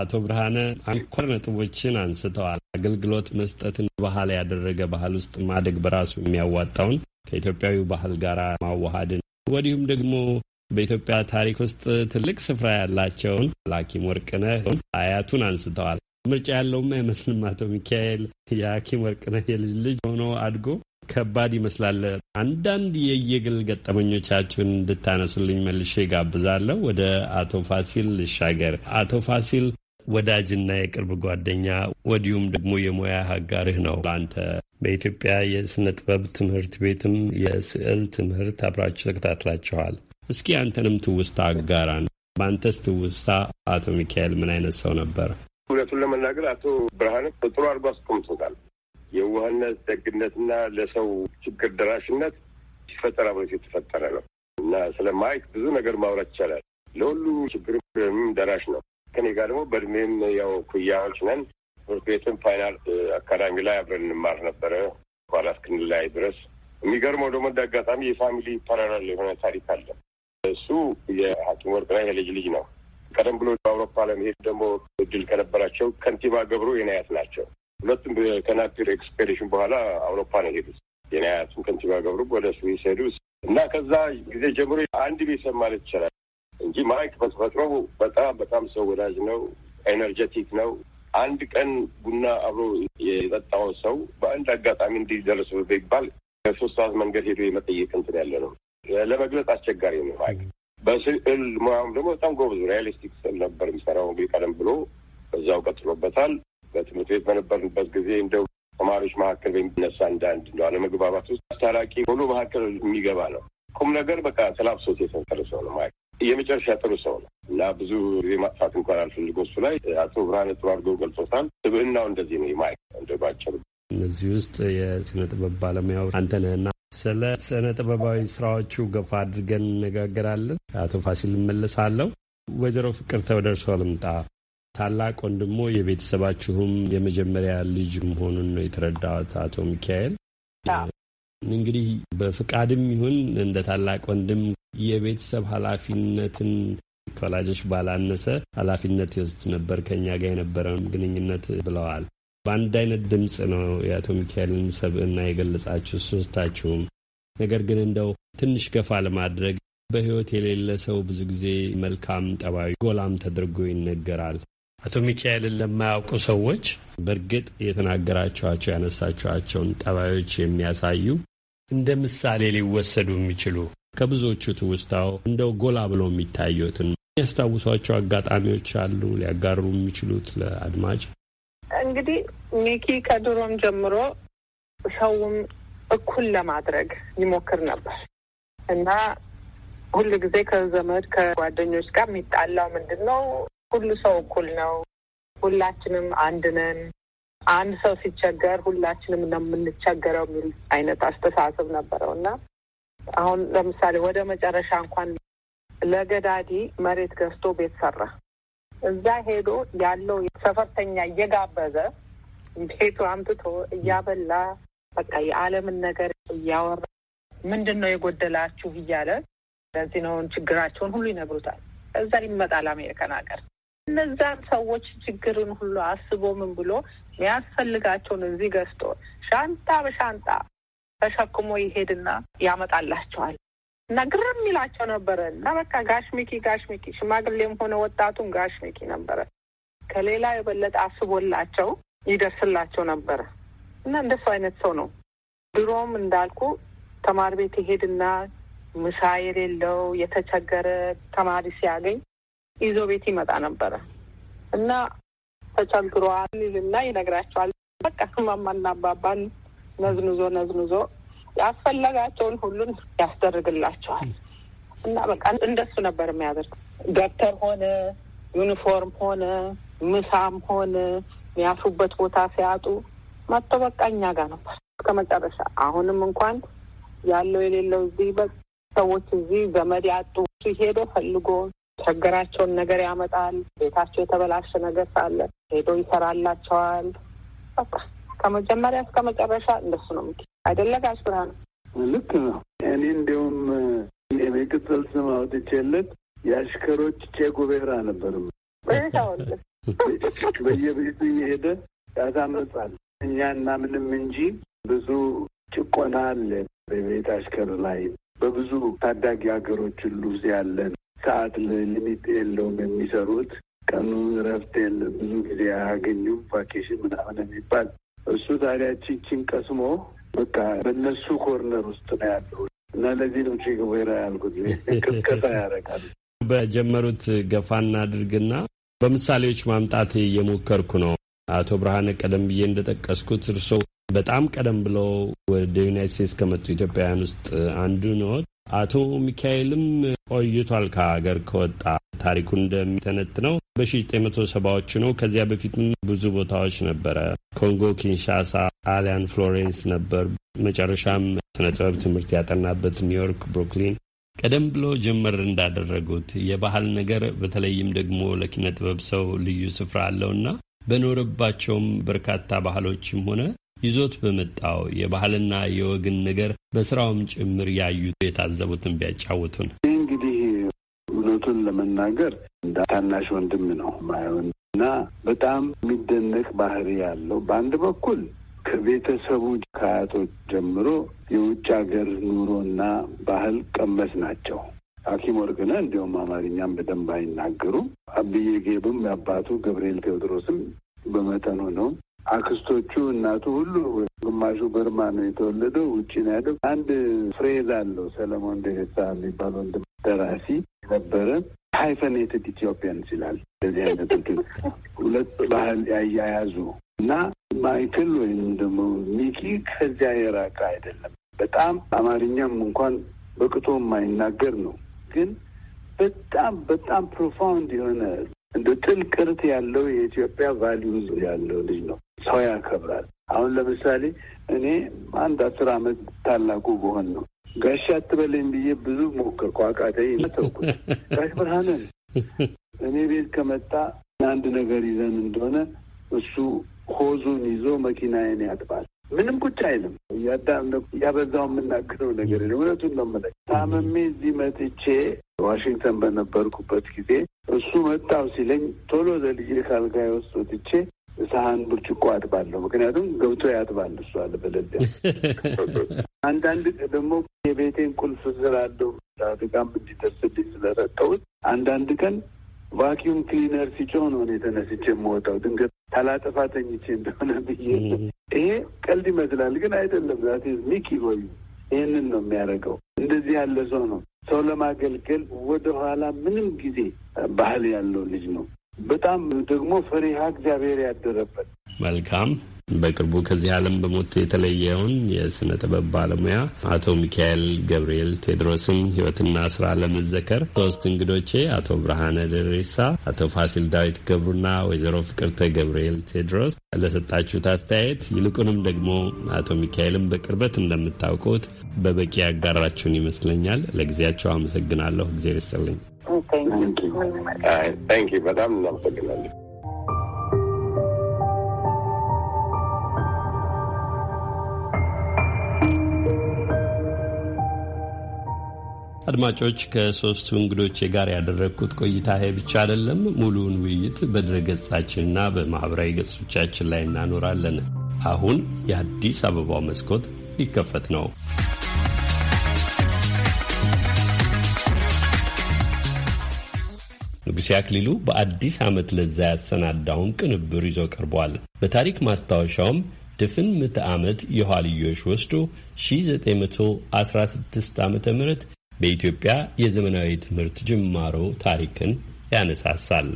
አቶ ብርሃነ አንኳር ነጥቦችን አንስተዋል። አገልግሎት መስጠትን ባህል ያደረገ ባህል ውስጥ ማደግ በራሱ የሚያዋጣውን ከኢትዮጵያዊ ባህል ጋር ማዋሃድን ወዲሁም ደግሞ በኢትዮጵያ ታሪክ ውስጥ ትልቅ ስፍራ ያላቸውን ላኪም ወርቅነህ አያቱን አንስተዋል። ምርጫ ያለውም አይመስልም። አቶ ሚካኤል የሐኪም ወርቅነህ የልጅ ልጅ ሆኖ አድጎ ከባድ ይመስላል። አንዳንድ የየግል ገጠመኞቻችሁን እንድታነሱልኝ መልሼ ጋብዛለሁ። ወደ አቶ ፋሲል ልሻገር። አቶ ፋሲል ወዳጅና የቅርብ ጓደኛ ወዲሁም ደግሞ የሙያ አጋርህ ነው ለአንተ በኢትዮጵያ የስነ ጥበብ ትምህርት ቤትም የስዕል ትምህርት አብራችሁ ተከታትላችኋል። እስኪ አንተንም ትውስታ አጋራን። በአንተስ ትውስታ አቶ ሚካኤል ምን አይነት ሰው ነበር? እውነቱን ለመናገር አቶ ብርሃን ጥሩ አድርጎ አስቀምጦታል። የዋህነት፣ ደግነትና ለሰው ችግር ደራሽነት ሲፈጠር አብረት የተፈጠረ ነው እና ስለ ማይክ ብዙ ነገር ማውራት ይቻላል። ለሁሉ ችግር ደራሽ ነው። ከኔ ጋር ደግሞ በእድሜም ያው ኩያዎች ነን። ትምህርት ቤትም ፋይናል አካዳሚ ላይ አብረን እንማር ነበረ ኋላ እስክንለያይ ድረስ። የሚገርመው ደግሞ እንደ አጋጣሚ የፋሚሊ ፓራላል የሆነ ታሪክ አለ። እሱ የሀኪም ወርቅ ላይ የልጅ ልጅ ነው ቀደም ብሎ በአውሮፓ ለመሄድ ደግሞ እድል ከነበራቸው ከንቲባ ገብሩ የናያት ናቸው። ሁለቱም ከናፒር ኤክስፔዲሽን በኋላ አውሮፓ ነው የሄዱት። የናያቱም ከንቲባ ገብሩ ወደ ስዊስ ሄዱ እና ከዛ ጊዜ ጀምሮ አንድ ቤተሰብ ማለት ይቻላል እንጂ ማይክ በተፈጥሮ በጣም በጣም ሰው ወዳጅ ነው። ኤነርጀቲክ ነው። አንድ ቀን ቡና አብሮ የጠጣው ሰው በአንድ አጋጣሚ እንዲደረሱ ይባል ከሶስት ሰዓት መንገድ ሄዶ የመጠየቅ እንትን ያለ ነው። ለመግለጽ አስቸጋሪ ነው ማይክ በስዕል ሙያውም ደግሞ በጣም ጎበዝ ሪያሊስቲክ ስዕል ነበር የሚሰራው። ቀደም ብሎ እዛው ቀጥሎበታል። በትምህርት ቤት በነበርንበት ጊዜ እንደው ተማሪዎች መካከል በሚነሳ እንዳንድ እንደ አለመግባባት ውስጥ አስታራቂ ሁሉ መካከል የሚገባ ነው። ቁም ነገር በቃ ተላብሶት የሰንሰር ሰው ነው ማለት የመጨረሻ ጥሩ ሰው ነው እና ብዙ ጊዜ ማጥፋት እንኳን አልፈልጎ እሱ ላይ አቶ ብርሃነ ጥሩ አድርገው ገልጾታል። ስብዕናው እንደዚህ ነው። ማይክ እንደ ባጭሩ እነዚህ ውስጥ የስነ ጥበብ ባለሙያው አንተ ነህና ስለ ስነ ጥበባዊ ስራዎቹ ገፋ አድርገን እነጋገራለን። አቶ ፋሲል እመለሳለሁ። ወይዘሮ ፍቅር ወደ ልምጣ። ታላቅ ወንድሞ የቤተሰባችሁም የመጀመሪያ ልጅ መሆኑን ነው የተረዳሁት። አቶ ሚካኤል እንግዲህ በፍቃድም ይሁን እንደ ታላቅ ወንድም የቤተሰብ ኃላፊነትን ከወላጆች ባላነሰ ኃላፊነት ይወስድ ነበር ከኛ ጋር የነበረውን ግንኙነት ብለዋል። በአንድ አይነት ድምፅ ነው የአቶ ሚካኤልን ሰብዕና የገለጻችሁ ሶስታችሁም። ነገር ግን እንደው ትንሽ ገፋ ለማድረግ በሕይወት የሌለ ሰው ብዙ ጊዜ መልካም ጠባዩ ጎላም ተደርጎ ይነገራል። አቶ ሚካኤልን ለማያውቁ ሰዎች በእርግጥ የተናገራችኋቸው ያነሳችኋቸውን ጠባዮች የሚያሳዩ እንደ ምሳሌ ሊወሰዱ የሚችሉ ከብዙዎቹ ትውስታው እንደው ጎላ ብሎ የሚታዩትን የሚያስታውሷቸው አጋጣሚዎች አሉ ሊያጋሩ የሚችሉት ለአድማጭ እንግዲህ ሚኪ ከድሮም ጀምሮ ሰውም እኩል ለማድረግ ይሞክር ነበር እና ሁሉ ጊዜ ከዘመድ ከጓደኞች ጋር የሚጣላው ምንድን ነው? ሁሉ ሰው እኩል ነው፣ ሁላችንም አንድ ነን፣ አንድ ሰው ሲቸገር ሁላችንም ነው የምንቸገረው የሚል አይነት አስተሳሰብ ነበረው እና አሁን ለምሳሌ ወደ መጨረሻ እንኳን ለገዳዲ መሬት ገዝቶ ቤት ሰራ። እዛ ሄዶ ያለው ሰፈርተኛ እየጋበዘ ቤቱ አምጥቶ እያበላ በቃ የዓለምን ነገር እያወራ ምንድን ነው የጎደላችሁ እያለ ለዚህ ነውን ችግራቸውን ሁሉ ይነግሩታል። እዛ ይመጣል አሜሪካን ሀገር እነዛን ሰዎች ችግርን ሁሉ አስቦ ምን ብሎ የሚያስፈልጋቸውን እዚህ ገዝቶ ሻንጣ በሻንጣ ተሸክሞ ይሄድና ያመጣላቸዋል። እና ግርም የሚላቸው ነበረ እና በቃ ጋሽ ሚኪ ጋሽ ሚኪ ሽማግሌም ሆነ ወጣቱም ጋሽ ሚኪ ነበረ። ከሌላ የበለጠ አስቦላቸው ይደርስላቸው ነበረ እና እንደሱ አይነት ሰው ነው። ድሮም እንዳልኩ ተማሪ ቤት ይሄድና ምሳ የሌለው የተቸገረ ተማሪ ሲያገኝ ይዞ ቤት ይመጣ ነበረ እና ተቸግሯል ይልና ይነግራቸዋል። በቃ ማማና አባባን ነዝንዞ ነዝንዞ ያስፈለጋቸውን ሁሉን ያስደርግላቸዋል እና በቃ እንደሱ ነበር የሚያደርግ ደብተር ሆነ ዩኒፎርም ሆነ ምሳም ሆነ የሚያፉበት ቦታ ሲያጡ መጥቶ በቃ እኛ ጋር ነበር እስከ መጨረሻ። አሁንም እንኳን ያለው የሌለው እዚህ ሰዎች እዚህ ዘመድ ያጡ ሄዶ ፈልጎ ቸገራቸውን ነገር ያመጣል። ቤታቸው የተበላሸ ነገር ሳለ ሄዶ ይሰራላቸዋል። በቃ ከመጀመሪያ እስከ መጨረሻ እንደሱ ነው። አይደለ? ጋሽ ብርሃኑ ልክ ነው። እኔ እንዲሁም የቅጽል ስም አውጥቼለት የአሽከሮች ቼጉቤራ ጉቬራ ነበርም። በየቤቱ እየሄደ ያሳምጻል። እኛ እና ምንም እንጂ ብዙ ጭቆና አለ በቤት አሽከር ላይ በብዙ ታዳጊ ሀገሮች ሁሉ ያለን ሰዓት ሊሚት የለውም የሚሰሩት ቀኑ እረፍት የለ ብዙ ጊዜ አያገኙም ቫኬሽን ምናምን የሚባል እሱ ታዲያ ቺችን ቀስሞ በቃ በእነሱ ኮርነር ውስጥ ነው ያለው እና ለዚህ ነው ቺግቬራ ያልኩት ቅስቀሳ ያደርጋል። በጀመሩት ገፋ እናድርግና በምሳሌዎች ማምጣት እየሞከርኩ ነው። አቶ ብርሃነ ቀደም ብዬ እንደጠቀስኩት እርስዎ በጣም ቀደም ብለው ወደ ዩናይት ስቴትስ ከመጡ ኢትዮጵያውያን ውስጥ አንዱ ነዎት። አቶ ሚካኤልም ቆይቷል ከሀገር ከወጣ ታሪኩ እንደሚተነትነው በ መቶ ሰባዎቹ ነው ከዚያ በፊትም ብዙ ቦታዎች ነበረ። ኮንጎ ኪንሻሳ፣ ጣሊያን ፍሎሬንስ ነበር። መጨረሻም ስነ ጥበብ ትምህርት ያጠናበት ኒውዮርክ ብሩክሊን። ቀደም ብሎ ጀመር እንዳደረጉት የባህል ነገር በተለይም ደግሞ ለኪነ ጥበብ ሰው ልዩ ስፍራ አለውና በኖረባቸውም በርካታ ባህሎችም ሆነ ይዞት በመጣው የባህልና የወግን ነገር በስራውም ጭምር ያዩት የታዘቡትን ቢያጫውቱን። እንግዲህ እውነቱን ለመናገር እንደ ታናሽ ወንድም ነው ማየውን እና በጣም የሚደነቅ ባህሪ ያለው በአንድ በኩል ከቤተሰቡ ከአያቶች ጀምሮ የውጭ ሀገር ኑሮና ባህል ቀመስ ናቸው። ሐኪም ወርቅነህ እንዲሁም አማርኛም በደንብ አይናገሩም። አብዬ ጌብም የአባቱ ገብርኤል ቴዎድሮስም በመጠኑ ነው። አክስቶቹ፣ እናቱ ሁሉ ግማሹ በርማ ነው የተወለደው፣ ውጭ ነው ያለው። አንድ ፍሬዝ አለው ሰለሞን ደሄሳ የሚባል ወንድ ደራሲ ነበረ። ሃይፈኔትድ ኢትዮጵያንስ ይላል። እንደዚህ አይነት ሁለት ባህል ያያያዙ እና ማይክል ወይም ደግሞ ሚኪ ከዚያ የራቀ አይደለም። በጣም አማርኛም እንኳን በቅቶ የማይናገር ነው ግን በጣም በጣም ፕሮፋውንድ የሆነ እንደ ጥልቅርት ያለው የኢትዮጵያ ቫሊዩዝ ያለው ልጅ ነው። ሰው ያከብራል። አሁን ለምሳሌ እኔ አንድ አስር አመት ታላቁ በሆን ነው ጋሽ አትበለኝ ብዬ ብዙ ሞከር አቃተኝ። ተውኩት። ጋሽ ብርሃንን እኔ ቤት ከመጣ አንድ ነገር ይዘን እንደሆነ እሱ ሆዙን ይዞ መኪናዬን ያጥባል። ምንም ቁጭ አይልም። እያዳ እያበዛው የምናክለው ነገር እውነቱን ነው የምልህ። ታምሜ እዚህ መጥቼ ዋሽንግተን በነበርኩበት ጊዜ እሱ መጣው ሲለኝ ቶሎ ለልጄ ካልጋ ውስጥ ወጥቼ ሳህን ብርጭቆ አጥባለሁ። ምክንያቱም ገብቶ ያጥባል እሱ አለ በለዳ አንዳንድ ደግሞ የቤቴን ቁልፍ ስላለሁ ዳድጋም እንዲደርስልኝ ስለረጠውት አንዳንድ ቀን ቫኪዩም ክሊነር ሲጮህ ነው እኔ ተነስቼ የምወጣው ድንገት ታላጠፋ እንደሆነ ብዬ ይሄ ቀልድ ይመስላል፣ ግን አይደለም። ዛት ሚኪ ቦይ ይህንን ነው የሚያደርገው። እንደዚህ ያለ ሰው ነው ሰው ለማገልገል ወደኋላ ምንም ጊዜ ባህል ያለው ልጅ ነው። በጣም ደግሞ ፈሪሃ እግዚአብሔር ያደረበት መልካም በቅርቡ ከዚህ ዓለም በሞት የተለየውን የስነ ጥበብ ባለሙያ አቶ ሚካኤል ገብርኤል ቴድሮስን ህይወትና ስራ ለመዘከር ሶስት እንግዶቼ አቶ ብርሃነ ደሬሳ፣ አቶ ፋሲል ዳዊት ገብሩና ወይዘሮ ፍቅርተ ገብርኤል ቴድሮስ ለሰጣችሁት አስተያየት ይልቁንም ደግሞ አቶ ሚካኤልን በቅርበት እንደምታውቁት በበቂ ያጋራችሁን ይመስለኛል። ለጊዜያቸው አመሰግናለሁ። እግዜር ይስጥልኝ። በጣም እናመሰግናለን። አድማጮች ከሶስቱ እንግዶቼ ጋር ያደረግኩት ቆይታ ሄ ብቻ አይደለም። ሙሉውን ውይይት በድረ ገጻችንና በማኅበራዊ ገጾቻችን ላይ እናኖራለን። አሁን የአዲስ አበባ መስኮት ሊከፈት ነው። ንጉሴ አክሊሉ በአዲስ ዓመት ለዛ ያሰናዳውን ቅንብር ይዞ ቀርቧል። በታሪክ ማስታወሻውም ድፍን ምዕተ ዓመት የኋልዮሽ ወስዶ 1916 ዓ ም በኢትዮጵያ የዘመናዊ ትምህርት ጅማሮ ታሪክን ያነሳሳል።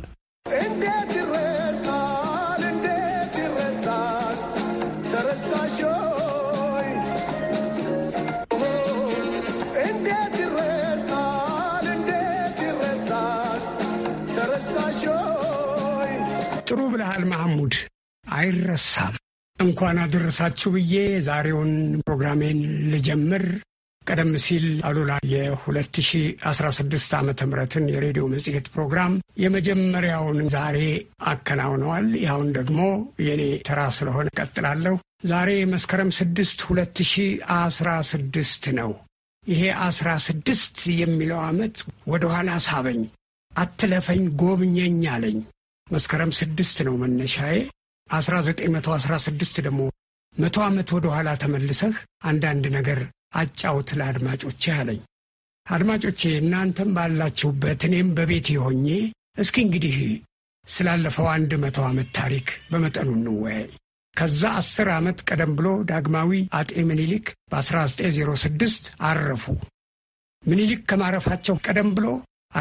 ጥሩ ብለሃል ማህሙድ አይረሳም። እንኳን አደረሳችሁ ብዬ ዛሬውን ፕሮግራሜን ልጀምር ቀደም ሲል አሉላ የ2016 ዓ ምትን የሬዲዮ መጽሔት ፕሮግራም የመጀመሪያውን ዛሬ አከናውነዋል። ያሁን ደግሞ የኔ ተራ ስለሆነ ቀጥላለሁ። ዛሬ መስከረም 6 2016 ነው። ይሄ 16 የሚለው ዓመት ወደ ኋላ ሳበኝ፣ አትለፈኝ፣ ጎብኘኝ አለኝ። መስከረም 6 ነው መነሻዬ። 1916 ደግሞ መቶ ዓመት ወደ ኋላ ተመልሰህ አንዳንድ ነገር አጫውት ለአድማጮቼ አለኝ። አድማጮቼ እናንተም ባላችሁበት እኔም በቤት ሆኜ እስኪ እንግዲህ ስላለፈው አንድ መቶ ዓመት ታሪክ በመጠኑ እንወያይ። ከዛ አስር ዓመት ቀደም ብሎ ዳግማዊ አጤ ምኒልክ በ1906 አረፉ። ምኒልክ ከማረፋቸው ቀደም ብሎ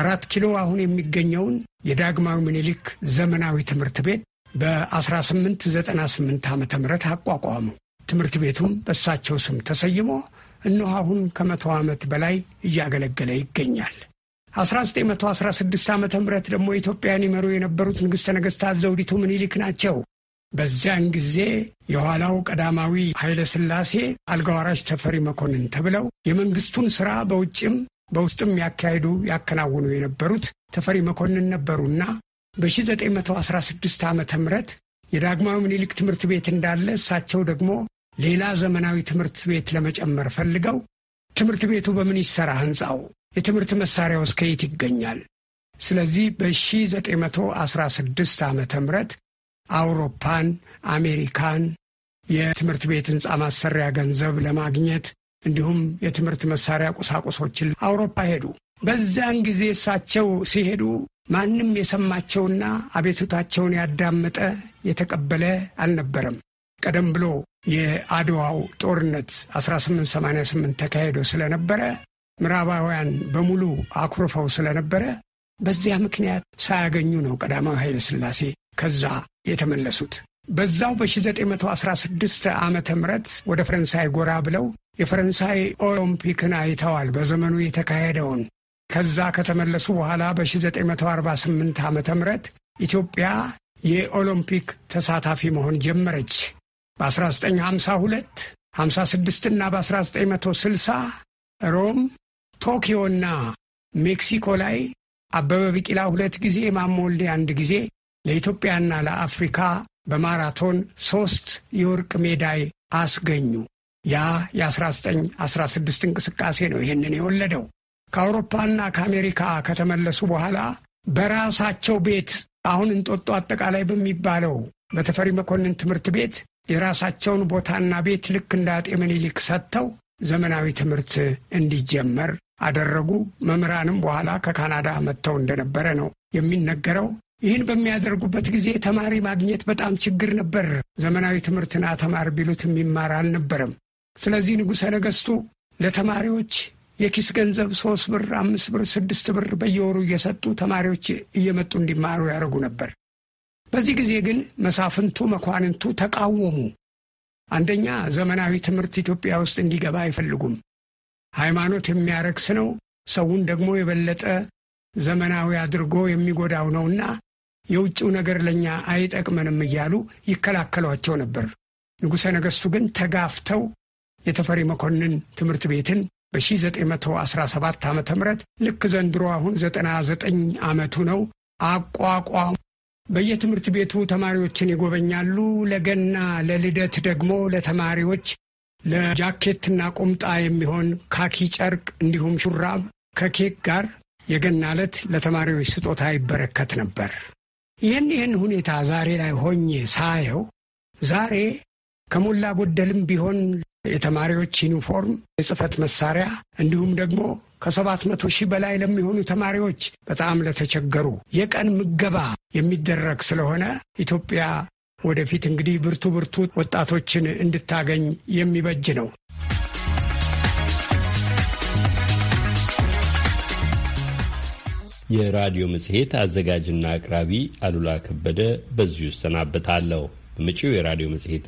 አራት ኪሎ አሁን የሚገኘውን የዳግማዊ ምኒልክ ዘመናዊ ትምህርት ቤት በ1898 ዓ ም አቋቋሙ። ትምህርት ቤቱም በእሳቸው ስም ተሰይሞ እነሆ አሁን ከመቶ ዓመት በላይ እያገለገለ ይገኛል። 1916 ዓ ም ደግሞ ኢትዮጵያን ይመሩ የነበሩት ንግሥተ ነገሥታት ዘውዲቱ ምኒልክ ናቸው። በዚያን ጊዜ የኋላው ቀዳማዊ ኃይለ ሥላሴ አልጋዋራሽ ተፈሪ መኮንን ተብለው የመንግሥቱን ሥራ በውጭም በውስጥም ያካሄዱ ያከናውኑ የነበሩት ተፈሪ መኮንን ነበሩና በ1916 ዓ ም የዳግማዊ ምኒልክ ትምህርት ቤት እንዳለ እሳቸው ደግሞ ሌላ ዘመናዊ ትምህርት ቤት ለመጨመር ፈልገው ትምህርት ቤቱ በምን ይሰራ፣ ህንፃው፣ የትምህርት መሳሪያውስ ከየት ይገኛል? ስለዚህ በ1916 ዓ ም አውሮፓን፣ አሜሪካን የትምህርት ቤት ህንፃ ማሰሪያ ገንዘብ ለማግኘት እንዲሁም የትምህርት መሳሪያ ቁሳቁሶችን አውሮፓ ሄዱ። በዚያን ጊዜ እሳቸው ሲሄዱ ማንም የሰማቸውና አቤቱታቸውን ያዳመጠ የተቀበለ አልነበረም። ቀደም ብሎ የአድዋው ጦርነት 1888 ተካሂዶ ስለነበረ ምዕራባውያን በሙሉ አኩርፈው ስለነበረ በዚያ ምክንያት ሳያገኙ ነው ቀዳማዊ ኃይለ ሥላሴ ከዛ የተመለሱት። በዛው በ1916 ዓ ም ወደ ፈረንሳይ ጎራ ብለው የፈረንሳይ ኦሎምፒክን አይተዋል። በዘመኑ የተካሄደውን ከዛ ከተመለሱ በኋላ በ1948 ዓ ም ኢትዮጵያ የኦሎምፒክ ተሳታፊ መሆን ጀመረች። በ1952 56 ና በ1960 ሮም፣ ቶኪዮና ሜክሲኮ ላይ አበበ ቢቂላ ሁለት ጊዜ ማሞ ወልዴ አንድ ጊዜ ለኢትዮጵያና ለአፍሪካ በማራቶን ሦስት የወርቅ ሜዳይ አስገኙ። ያ የ1916 እንቅስቃሴ ነው ይህንን የወለደው። ከአውሮፓና ከአሜሪካ ከተመለሱ በኋላ በራሳቸው ቤት አሁን እንጦጦ አጠቃላይ በሚባለው በተፈሪ መኮንን ትምህርት ቤት የራሳቸውን ቦታና ቤት ልክ እንደ አጤ ምኒልክ ሰጥተው ዘመናዊ ትምህርት እንዲጀመር አደረጉ። መምህራንም በኋላ ከካናዳ መጥተው እንደነበረ ነው የሚነገረው። ይህን በሚያደርጉበት ጊዜ ተማሪ ማግኘት በጣም ችግር ነበር። ዘመናዊ ትምህርትና ተማር ቢሉት የሚማር አልነበረም። ስለዚህ ንጉሠ ነገሥቱ ለተማሪዎች የኪስ ገንዘብ ሶስት ብር፣ አምስት ብር፣ ስድስት ብር በየወሩ እየሰጡ ተማሪዎች እየመጡ እንዲማሩ ያደርጉ ነበር። በዚህ ጊዜ ግን መሳፍንቱ መኳንንቱ ተቃወሙ። አንደኛ ዘመናዊ ትምህርት ኢትዮጵያ ውስጥ እንዲገባ አይፈልጉም። ሃይማኖት የሚያረክስ ነው፣ ሰውን ደግሞ የበለጠ ዘመናዊ አድርጎ የሚጎዳው ነውና የውጭው ነገር ለእኛ አይጠቅመንም እያሉ ይከላከሏቸው ነበር። ንጉሠ ነገሥቱ ግን ተጋፍተው የተፈሪ መኮንን ትምህርት ቤትን በ1917 ዓ ም ልክ ዘንድሮ አሁን 99 ዓመቱ ነው አቋቋሙ። በየትምህርት ቤቱ ተማሪዎችን ይጎበኛሉ። ለገና ለልደት ደግሞ ለተማሪዎች ለጃኬትና ቁምጣ የሚሆን ካኪ ጨርቅ እንዲሁም ሹራብ ከኬክ ጋር የገና ዕለት ለተማሪዎች ስጦታ ይበረከት ነበር። ይህን ይህን ሁኔታ ዛሬ ላይ ሆኜ ሳየው ዛሬ ከሞላ ጎደልም ቢሆን የተማሪዎች ዩኒፎርም፣ የጽህፈት መሳሪያ እንዲሁም ደግሞ ከሰባት መቶ ሺህ በላይ ለሚሆኑ ተማሪዎች በጣም ለተቸገሩ የቀን ምገባ የሚደረግ ስለሆነ ኢትዮጵያ ወደፊት እንግዲህ ብርቱ ብርቱ ወጣቶችን እንድታገኝ የሚበጅ ነው። የራዲዮ መጽሔት አዘጋጅና አቅራቢ አሉላ ከበደ በዚሁ እሰናበታለሁ። በመጪው የራዲዮ መጽሔት